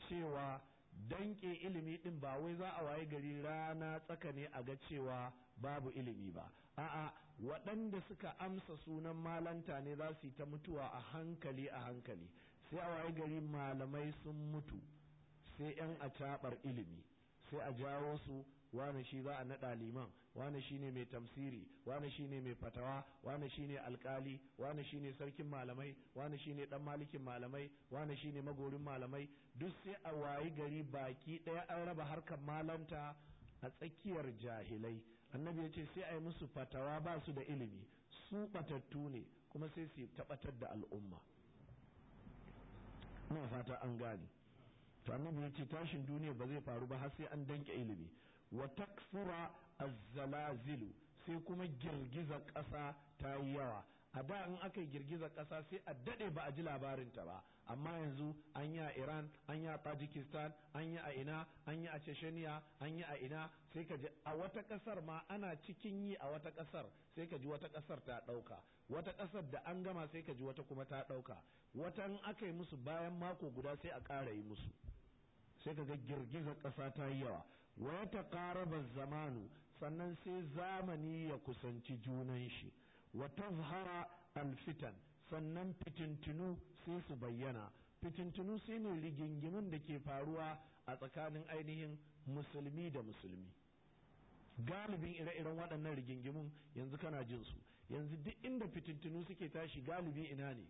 cewa danke ilimi din ba wai za a waye gari rana tsaka ne a ga cewa babu ilimi ba a'a waɗanda suka amsa sunan malanta ne za su yi ta mutuwa a hankali a hankali sai a waye gari malamai sun mutu sai 'yan acaɓar ilimi sai a jawo su wane shi za a naɗa liman wane shi ne mai tamsiri wane shi ne mai fatawa wane shi ne alkali wane shi ne sarkin malamai wane shi ne ɗan malikin malamai wane shi ne magorin malamai duk sai a wayi gari baki ɗaya an raba harkar malamta a tsakiyar jahilai annabi ya ce sai a yi musu fatawa ba su da ilimi su ɓatattu ne kuma sai su taɓatar da al'umma ina fata an gane to annabi ya ce tashin duniya ba zai faru ba har sai an danke ilimi wa takfura azzalazilu sai kuma girgiza ƙasa ta yi yawa a da in aka yi girgizar ƙasa sai a daɗe ba a ji labarin ta ba amma yanzu an yi a iran an yi a tajikistan an yi a ina an yi a chechenia an yi a ina sai ka ji a wata ƙasar ma ana cikin yi a wata ƙasar sai ka ji wata ƙasar ta ɗauka wata ƙasar da an gama sai ka ji wata kuma ta ɗauka wata in aka yi musu bayan mako guda sai a ƙara yi musu sai ka ga girgizar ƙasa ta yi yawa wata ya zamanu sannan sai zamani ya kusanci junan shi Wata zahara alfitan sannan fitintunu sai su bayyana fitintunu sai ne rigingimin da ke faruwa a tsakanin ainihin musulmi da musulmi galibin ire-iren waɗannan rigingimin yanzu kana jin su yanzu duk inda fitintunu suke tashi galibi ina ne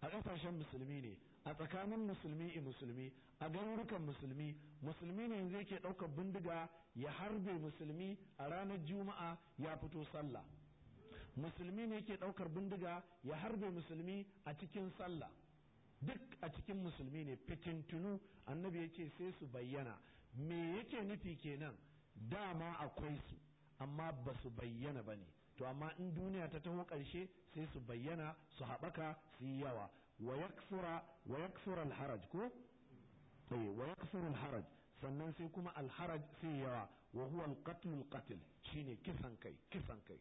a ƙasashen musulmi ne a tsakanin musulmi i musulmi a garurukan musulmi musulmi ne yanzu yake ɗaukar bindiga ya harbe musulmi a ranar juma'a ya fito sallah musulmi ne yake ɗaukar bindiga ya harbe musulmi a cikin sallah duk a cikin musulmi ne fitintunu annabi ya ce sai su bayyana me yake nufi kenan dama akwai su amma ba su bayyana ba ne to amma in duniya ta taho ƙarshe sai su bayyana su haɓaka su yi yawa ويكثر ويكثر الحرج كو haraj الحرج sannan sai kuma alharaj sai yawa wa huwa al shine kisan kai kisan kai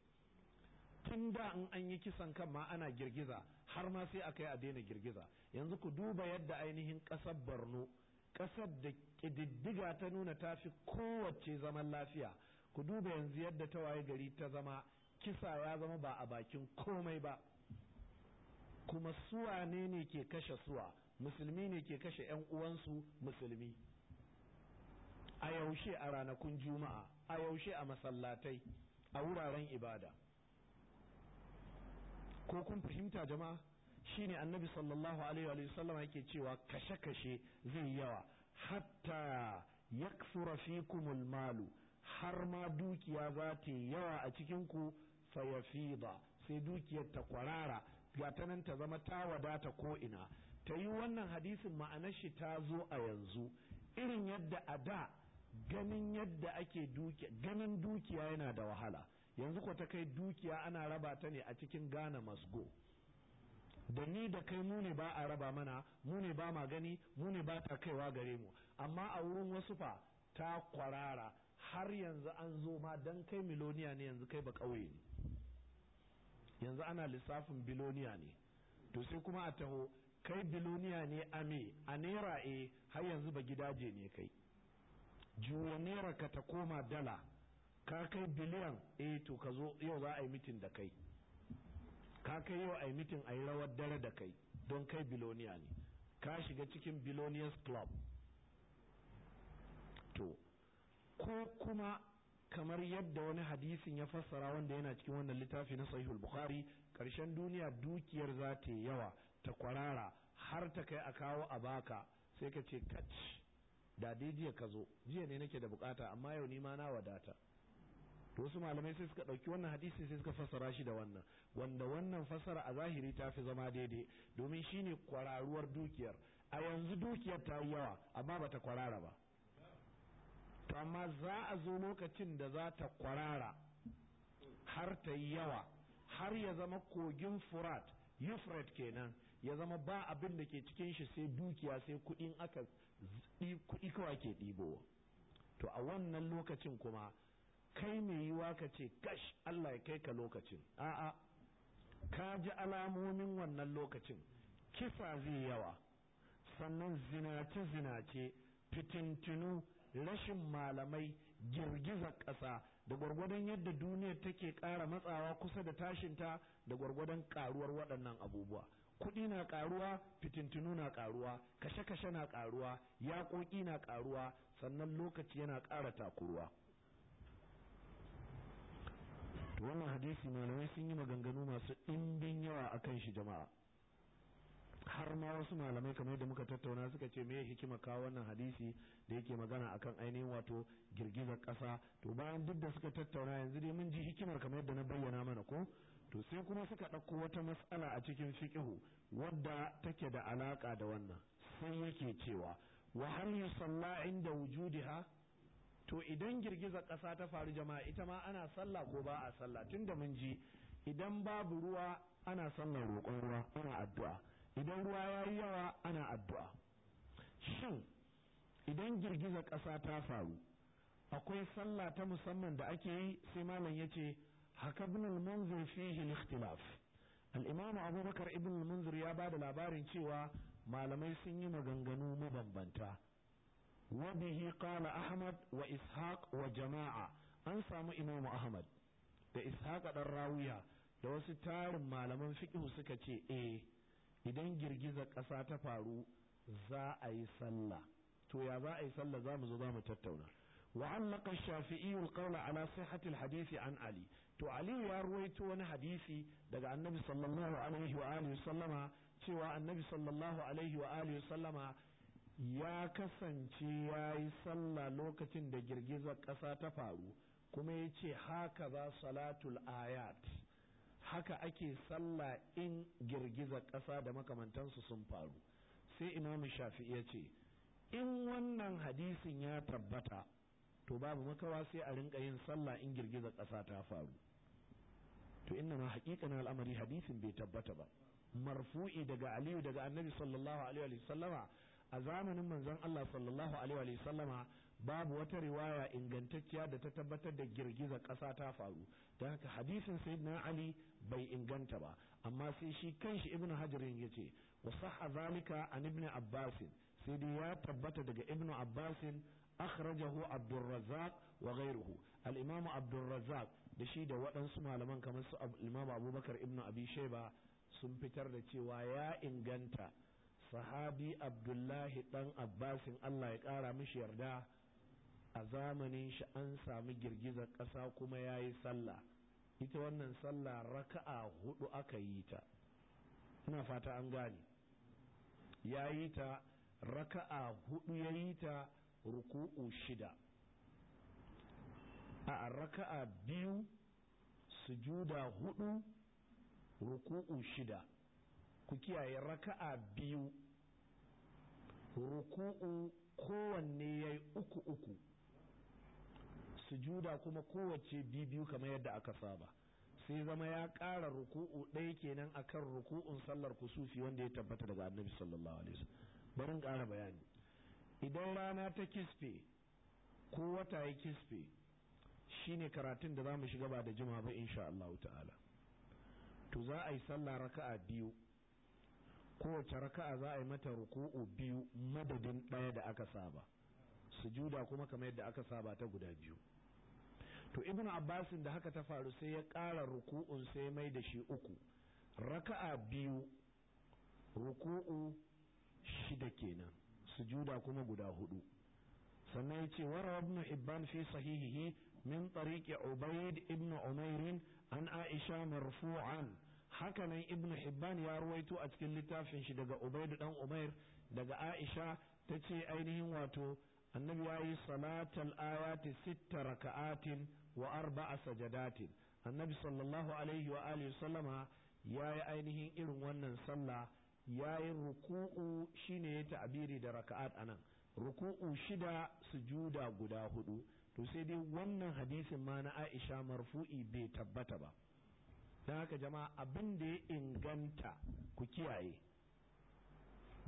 tun da in an yi kisan kan ma ana girgiza har ma sai akai a daina girgiza yanzu ku duba yadda ainihin kasar Borno kasar da kididdiga ta nuna ta fi kowace zaman lafiya ku duba yanzu yadda ta waye gari ta zama kisa ya zama ba a bakin komai ba kuma suwa ne ne ke kashe suwa musulmi ne ke kashe 'yan uwansu musulmi a yaushe a ranakun juma'a a yaushe a masallatai a wuraren ibada ko kun fahimta jama'a shine annabi sallallahu alaihi wa sallam yake cewa kashe-kashe zai yawa hatta yakthura fikumul malu har ma dukiya za ta yawa a cikinku ku fayafida sai dukiyar ta kwarara ga ta nan ta zama ta wadata ko ina ta yi wannan hadisin ma'anar shi ta zo a yanzu irin yadda a da ganin yadda ake dukiya ganin dukiya yana da wahala yanzu ko ta kai dukiya ana raba ta ne a cikin Ghana Masgo da ni da kai mu ne ba a raba mana mu ne ba ma gani mu ne ba ta kaiwa gare mu amma a wurin wasu fa ta kwarara har yanzu an zo ma dan kai miloniya ne yanzu kai ba ƙauye. ne yanzu ana lissafin biloniya ne to sai kuma a taho kai biloniya ne a me a naira e har yanzu ba gidaje ne kai juwa naira ka ta koma dala ka kai biliyan e to ka zo yau za a yi mitin da kai ka kai yau a yi mitin a yi rawar dare da kai don kai biloniya ne ka shiga cikin biloniyas club to ko kuma kamar yadda wani hadisin ya fassara wanda yana cikin wannan littafi na sahihul bukhari karshen duniya dukiyar za ta yawa ta kwarara har ta kai a kawo a baka sai ka ce kac da dai jiya ka zo jiya ne nake da bukata amma yau ni ma na wadata to wasu malamai sai suka ɗauki wannan hadisi sai suka fassara shi da wannan wanda wannan fassara a zahiri ta fi zama daidai domin shine kwararuwar dukiyar a yanzu dukiyar ta yi yawa amma bata kwarara ba to amma za a zo lokacin da za ta kwarara har ta yi yawa har ya zama kogin furat yufret kenan ya zama ba abin da ke cikin shi sai dukiya sai kudin aka kudi kawai ke ɗibowa to a wannan lokacin kuma kai mai yiwa ka ce gash Allah ya kai ka lokacin a'a ka ji alamomin wannan lokacin kisa zai yawa sannan zinace zinace fitintinu rashin malamai girgizar ƙasa da gwargwadon yadda duniya take ƙara matsawa kusa da tashinta da gwargwadon ƙaruwar waɗannan abubuwa kuɗi na ƙaruwa fitintunu na ƙaruwa kashe-kashe na ƙaruwa yaƙoƙi na ƙaruwa sannan lokaci yana ƙara takurwa wannan hadisi malamai sun yi maganganu masu ɗimbin yawa akan shi jama'a har ma wasu malamai kamar yadda muka tattauna suka ce me hikima kawo wannan hadisi da yake magana akan ainihin wato girgizar ƙasa to bayan duk da suka tattauna yanzu dai mun ji hikimar kamar yadda na bayyana mana ko to sai kuma suka ɗauko wata matsala a cikin fiqhu wadda take da alaka da wannan sai yake cewa wa hal yusalla inda wujudiha to idan girgizar ƙasa ta faru jama'a ita ma ana sallah ko ba a sallah tunda mun ji idan babu ruwa ana sallar roƙon ruwa ana addu'a idan ruwa ya yi yawa ana addu'a shin idan girgizar ƙasa ta faru akwai sallah ta musamman da ake yi sai malam ya ce haka ibn al-munzir fihi al-ikhtilaf al-imam abubakar ibn al-munzir ya bada labarin cewa malamai sun yi maganganu mabambanta wa bihi qala ahmad wa ishaq wa jama'a an samu imam ahmad da ishaq dan rawiya da wasu tarin malaman fiqh suka ce eh idan girgizar ƙasa ta faru za a yi sallah to ya za a yi sallah za mu zo za mu tattauna وعلق الشافعي ala على صحة hadisi an ali to علي ya ruwaito wani hadisi daga annabi sallallahu alaihi wa alihi sallama cewa annabi sallallahu alaihi wa alihi sallama ya kasance ya yi sallah lokacin da girgizar ƙasa ta faru kuma ya ce haka za salatul ayat haka ake sallah in girgiza ƙasa da makamantansu sun faru sai imamu shafi ya ce in wannan hadisin ya tabbata to babu makawa sai a rinka yin sallah in girgizar ƙasa ta faru to inna ma haƙiƙanin al'amari hadisin bai tabbata ba marfu'i daga aliyu daga annabi sallallahu alaihi wa sallama a zamanin manzon Allah sallallahu alaihi wa sallama babu wata riwaya ingantacciya da ta tabbatar da girgiza ƙasa ta faru don haka hadisin sayyidina ali bai inganta ba amma sai shi kanshi ibnu hajar ya ce wa sahha zalika an ibnu abbas sai dai ya tabbata daga ibnu abbas akhrajahu abdul razzaq wa ghayruhu al imam abdul razzaq da shi da waɗansu malaman kamar su imam abubakar ibnu abi shayba sun fitar da cewa ya inganta sahabi abdullahi dan abbasin Allah ya kara mishi yarda a zamanin shi an samu girgizar ƙasa kuma ya yi sallah ita wannan sallah raka'a hudu aka yi ta ina fata an gane ya yi ta raka'a hudu ya yi ta ruku'u shida a raka'a biyu sujuda hudu ruku'u shida ku kiyaye raka'a biyu ruku'u kowanne ya yi uku uku sujuda kuma kowace bibiyu kamar yadda aka saba sai zama ya ƙara ruku'u ɗaya kenan a kan ruku'un sallar kusufi wanda ya tabbata daga annabi sallallahu alaihi wasallam barin ƙara bayani idan rana ta kisfe ko wata ya kisfe shine karatun da zamu shiga ba da jima ba insha Allah ta'ala to za a yi sallah raka'a biyu kowace raka'a za a yi mata ruku'u biyu madadin ɗaya da aka saba sujuda kuma kamar yadda aka saba ta guda biyu to ibn abbasin da haka ta faru sai ya ƙara ruku'un sai mai da shi uku raka'a biyu ruku'u shida kenan sujuda kuma guda hudu sannan ya ce wara ibn hibban fi sahihihi min tariqi ubayd ibn umair an aisha marfu'an hakanan ibn hibban ya ruwaito a cikin littafin shi daga ubayd dan umair daga aisha tace ainihin wato annabi yayi salatal ayati sitta raka'atin wa arba'a sajadatin annabi sallallahu alaihi wa alihi sallama yayi ainihin irin wannan sallah yayi ruku'u shine ya ta'biri da raka'at anan ruku'u shida sujuda guda hudu to sai dai wannan hadisin ma na Aisha marfu'i bai tabbata ba don haka jama'a abin da ya inganta ku kiyaye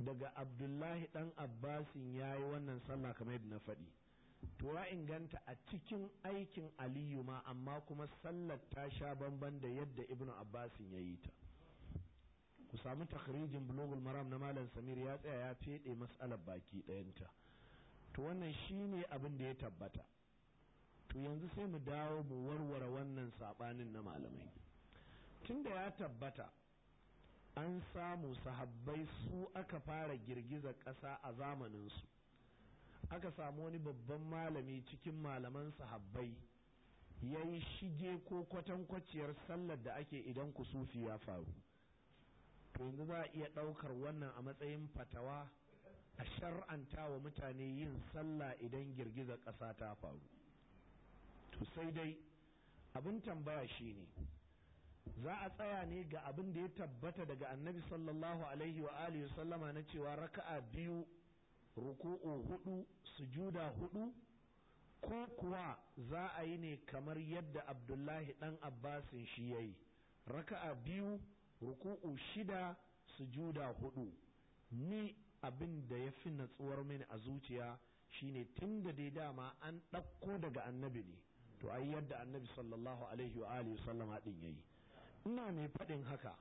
daga Abdullahi dan Abbasin yayi wannan sallah kamar yadda na faɗi to ya inganta a cikin aikin aliyu ma amma kuma sallar ta sha bamban da yadda ibnu abbasin ya yi ta ku samu takhrijin bulogul maram na malam samir ya tsaya ya fede matsalar baki ɗayanta to wannan shi ne abin da ya tabbata to yanzu sai mu dawo mu warware wannan saɓanin na malamai tunda ya tabbata an samu sahabbai su aka fara girgiza ƙasa a zamaninsu aka samu wani babban malami cikin malaman sahabbai ya yi shige ko kwatankwaciyar sallar da ake idan kusufi ya faru to yanzu za a iya ɗaukar wannan a matsayin fatawa a shar'anta wa mutane yin sallah idan girgizar ƙasa ta faru to sai dai abin tambaya shi ne. za a tsaya ne ga abin da ya tabbata daga annabi sallallahu alaihi wa alihi sallama na cewa raka'a biyu ruku'u hudu sujuda hudu ko kuwa za a yi ne kamar yadda abdullahi dan abbasin shi ya yi raka'a biyu ruku'u shida sujuda hudu ni abin da ya fi natsuwar mini a zuciya shine tun da dai dama an ɗauko daga annabi ne to ai yadda annabi sallallahu alaihi wa alihi sallama din yayi ina mai faɗin haka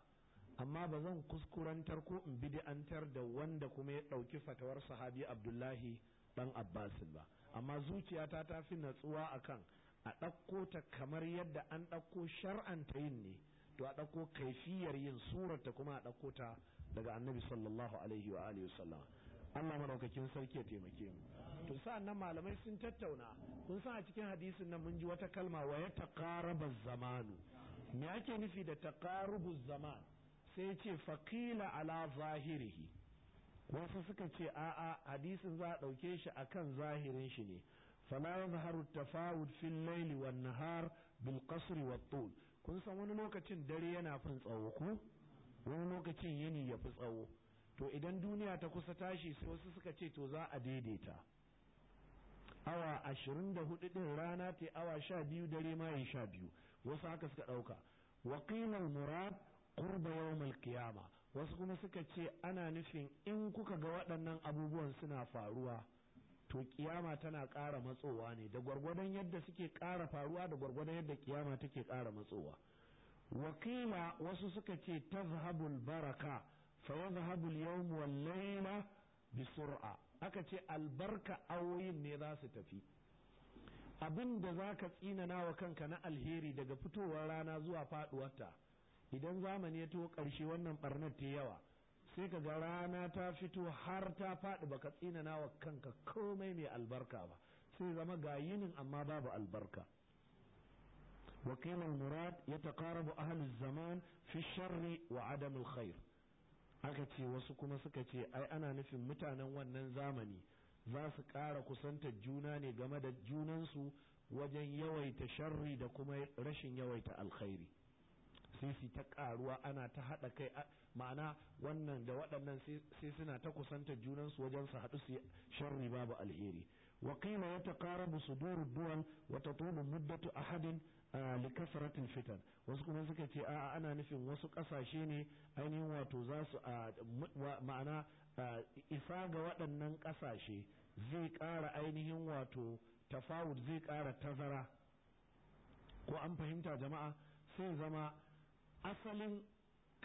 amma ba zan kuskurantar ko in bid'antar da wanda kuma ya ɗauki fatawar sahabi abdullahi dan abbas ba amma zuciyata ta fi natsuwa akan a ɗauko ta kamar yadda an ɗauko shar'anta yin ne to a ɗauko kaifiyar yin surarta kuma a ɗauko ta daga annabi sallallahu alaihi wa alihi wasallam Allah madaukakin sarki ya taimake mu to sa'an malamai sun tattauna kun san a cikin hadisin nan mun ji wata kalma wa ya taqaraba zamanu me ake nufi da taqarubu zaman sai ce faƙila ala zahirihi wasu suka ce a'a hadisin za a ɗauke shi a kan zahirin shi ne fala yadhharu tafawud fil laili wa nahar bil kasri wa tul kun san wani lokacin dare yana fin tsawo ku wani lokacin yini ya fi tsawo to idan duniya ta kusa tashi sai wasu suka ce to za a daidaita awa ashirin da hudu din rana ta awa sha biyu dare ma sha biyu wasu haka suka ɗauka wakilan murad qurba yawmal qiyama wasu kuma suka ce ana nufin in kuka ga waɗannan abubuwan suna faruwa to kiyama tana ƙara matsowa ne da gwargwadon yadda suke ƙara faruwa da gwargwadon yadda kiyama take ƙara matsowa wakila wasu suka ce tazhabul baraka fa yadhhabu yawon yawm wal layla bi sur'a aka ce albarka awoyin ne za su tafi abin da za ka tsinana wa kanka na alheri daga fitowar rana zuwa faduwarta idan zamani ya tuwo ƙarshe wannan barnar ta yawa sai ka ga rana ta fito har ta faɗi baka tsinana wa kanka komai mai albarka ba sai zama ga yinin amma babu albarka murad ya وكيل المراد يتقارب zaman fi shari wa adamu khair aka ce wasu kuma suka ce ai ana nufin mutanen wannan zamani za su ƙara kusantar juna ne game da junansu wajen yawaita sharri da kuma rashin yawaita alkhairi sai ta karuwa ana ta haɗa kai ma'ana wannan da waɗannan sai suna ta kusantar junansu wajen su haɗu su sharri babu alheri wa qila yataqarabu sudurud duwan wa tatubu muddatu ahadin likasratil fitan wasu kuma suka ce a'a ana nufin wasu kasashe ne ainihin wato za su ma'ana isa ga waɗannan ƙasashe zai ƙara ainihin wato tafawud zai ƙara tazara ko an fahimta jama'a sai zama asalin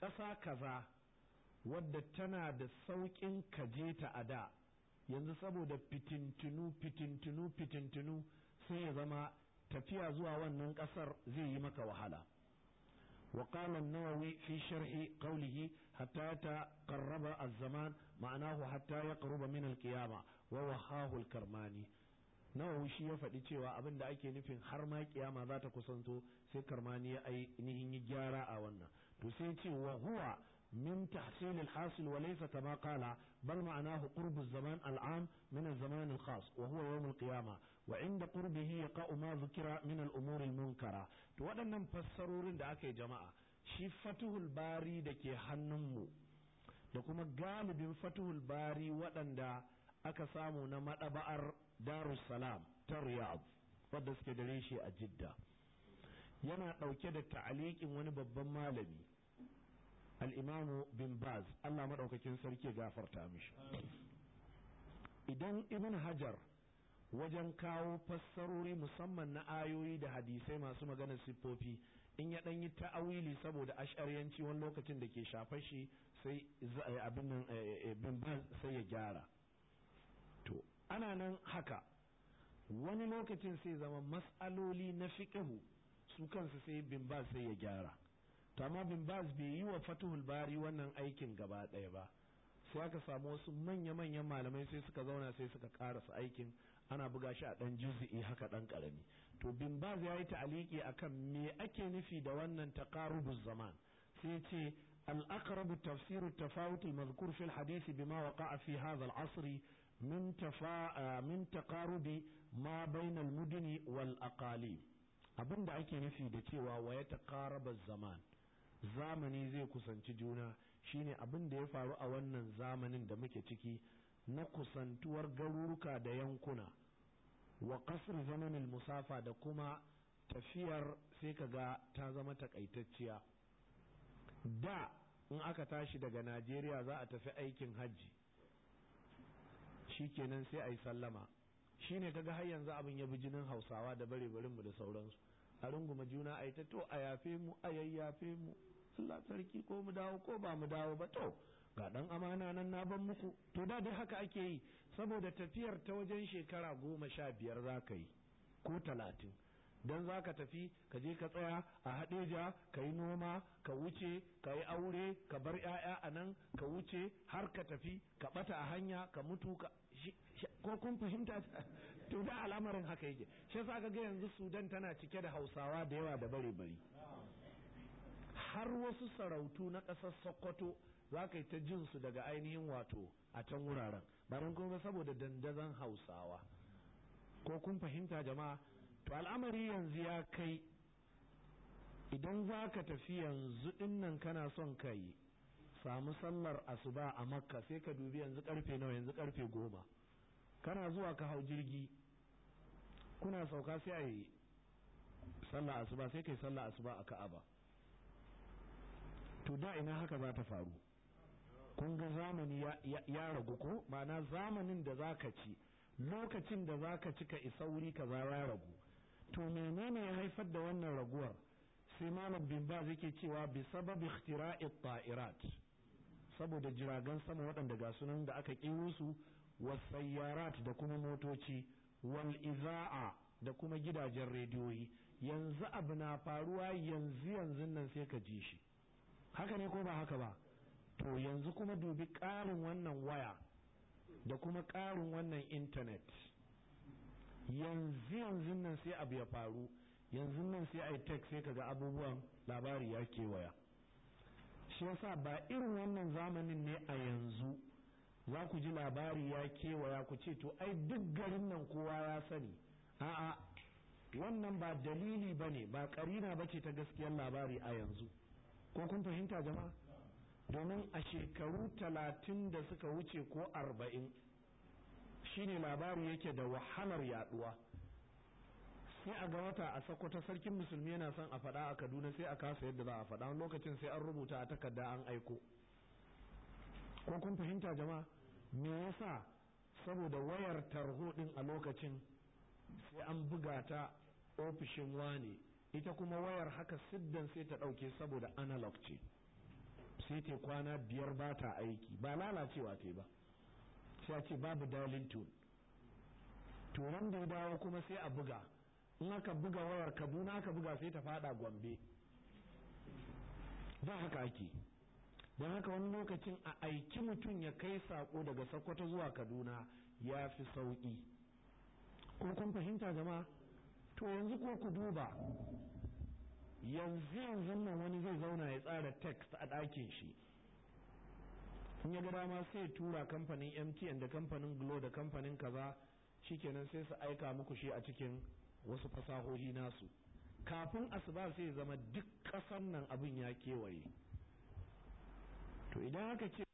ƙasa kaza wadda tana da sauƙin kaje ta a da yanzu saboda fitintunu fitintunu fitintunu sai ya zama tafiya zuwa wannan ƙasar zai yi maka wahala وقال النووي في شرح قوله حتى تقرب الزمان معناه حتى يقرب من القيامة ووهاه الكرماني nawa shi ya faɗi cewa abin da ake nufin har ma kiyama za ta kusanto sai karmani ya ainihin yi gyara a wannan to sai ce wa huwa min tahsil al-hasil wa laysa kama qala bal ma'anahu qurb zaman al'am am min az-zaman al-khas wa huwa yawm al-qiyama wa inda qurbihi yaqa'u ma dhukira min al-umur al-munkara to waɗannan fassarorin da aka yi jama'a shi fatuhul bari da ke hannunmu da kuma galibin fatuhul bari waɗanda aka samu na maɗaba'ar darussalam ta riyadh wadda suke da reshe a jidda yana ɗauke da ta'aliƙin wani babban malami al'imamu bin baz allah maɗaukakin sarki gafarta mishi idan ibn hajar wajen kawo fassarori musamman na ayoyi da hadisai masu maganar siffofi in ya ɗan yi ta'awili saboda ashariyanci wani lokacin da ke shafar shi sai eh, abin eh, eh, bin baz sai ya gyara ana nan haka wani lokacin sai zama mas'aloli na fiƙihu su kansu sai bin ba sai ya gyara to amma bin bai yi wa fatuhul bari wannan aikin gaba ɗaya ba sai aka samu wasu manya-manyan malamai sai suka zauna sai suka karasa aikin ana buga shi a ɗan juzi'i haka ɗan ƙarami to bin ya yi ta'aliki akan me ake nufi da wannan taqarubuz zaman sai ce الأقرب تفسير التفاوت المذكور في الحديث بما fi في هذا العصر من tafa من تقارب ma بين المدن wal abin da ake nufi da cewa wa ya taqaraba zaman zamani zai kusanci juna shine abin da ya faru a wannan zamanin da muke ciki na kusantuwar garuruka da yankuna wa qasr zamanin musafa da kuma tafiyar sai ka ga ta zama takaitacciya da in aka tashi daga Najeriya za a tafi aikin hajji shikenan sai a yi sallama ne kaga har yanzu abin ya bi jinin hausawa da bare barin mu da sauransu a runguma juna a yi ta to a yafe mu a yayyafe mu Allah sarki ko mu dawo ko ba mu dawo ba to ga dan amana nan na ban muku to da dai haka ake yi saboda tafiyar ta wajen shekara goma sha biyar za ka yi ko talatin dan za ka tafi ka je ka tsaya a haɗeja ka yi noma ka wuce ka yi aure ka bar 'ya'ya a nan ka wuce har ka tafi ka ɓata a hanya ka mutu ka ko kun fahimta to da al'amarin haka yake shi yasa ka ga yanzu sudan tana cike da hausawa da yawa da bare bari har wasu sarautu na ƙasar sokoto za ka yi ta jin su daga ainihin wato a can wuraren ba kuma saboda dandazon hausawa ko kun fahimta jama'a to al'amari yanzu ya kai idan za ka tafi yanzu dinnan kana son ka yi samu sallar asuba a makka sai ka dubi yanzu karfe nawa yanzu karfe goma kana zuwa ka hau jirgi kuna sauka sai a yi sallar asuba sai ka yi sallar asuba a ka'aba to da ina haka za ta faru kun ga zamani ya ragu ko ma'ana zamanin da za ka ci lokacin da za ka ci ka isa wuri ka za ya ragu to menene ya haifar da wannan raguwar sai malam bin ba yake cewa bi sabab ikhtira'i ta'irat saboda jiragen sama waɗanda ga sunan da aka kiro su sayyarat da kuma motoci wal iza'a da kuma gidajen rediyoyi yanzu abu na faruwa yanzu yanzu nan sai ka ji shi haka ne ko ba haka ba to yanzu kuma dubi ƙarin wannan waya da kuma ƙarin wannan intanet yanzu yanzu nan sai abu ya faru yanzu nan sai a yi tek sai kaga abubuwan labari ya kewaya shi yasa ba irin wannan zamanin ne a yanzu za ku ji labari ya kewaya ku ce to ai duk garin nan kowa ya sani a'a wannan ba dalili ba ne ba karina ba ce ta gaskiyar labari a yanzu ko kun fahimta jama'a domin a shekaru talatin da suka wuce ko arba'in Shi ne labari yake da wahalar yaduwa sai a ga wata a sakwata sarkin musulmi yana son a faɗa a kaduna sai a kasa yadda za a faɗa lokacin sai an rubuta a takarda an aiko ko kun fahimta jama'a me yasa saboda wayar tarho din a lokacin sai an buga ta ofishin wane ita kuma wayar haka siddan sai ta ɗauke saboda analog ce sai ta kwana biyar ba ta aiki ba lalacewa ta ba sai ce babu dialing tone to da ya dawo kuma sai a buga in aka buga wayar kaduna aka buga sai ta fada gombe ba haka ake don haka wani lokacin a aiki mutum ya kai sako daga sokoto zuwa kaduna ya fi sauƙi ko kun fahimta gama to yanzu ko ku duba yanzu yanzu nan wani zai zauna ya tsara text a ɗakin shi in ya ga dama sai tura kamfanin MTN da kamfanin Glo da kamfanin kaza shi shikenan sai su aika muku shi a cikin wasu fasahohi nasu kafin asuba sai zama duk ƙasar nan abin ya kewaye to idan haka ce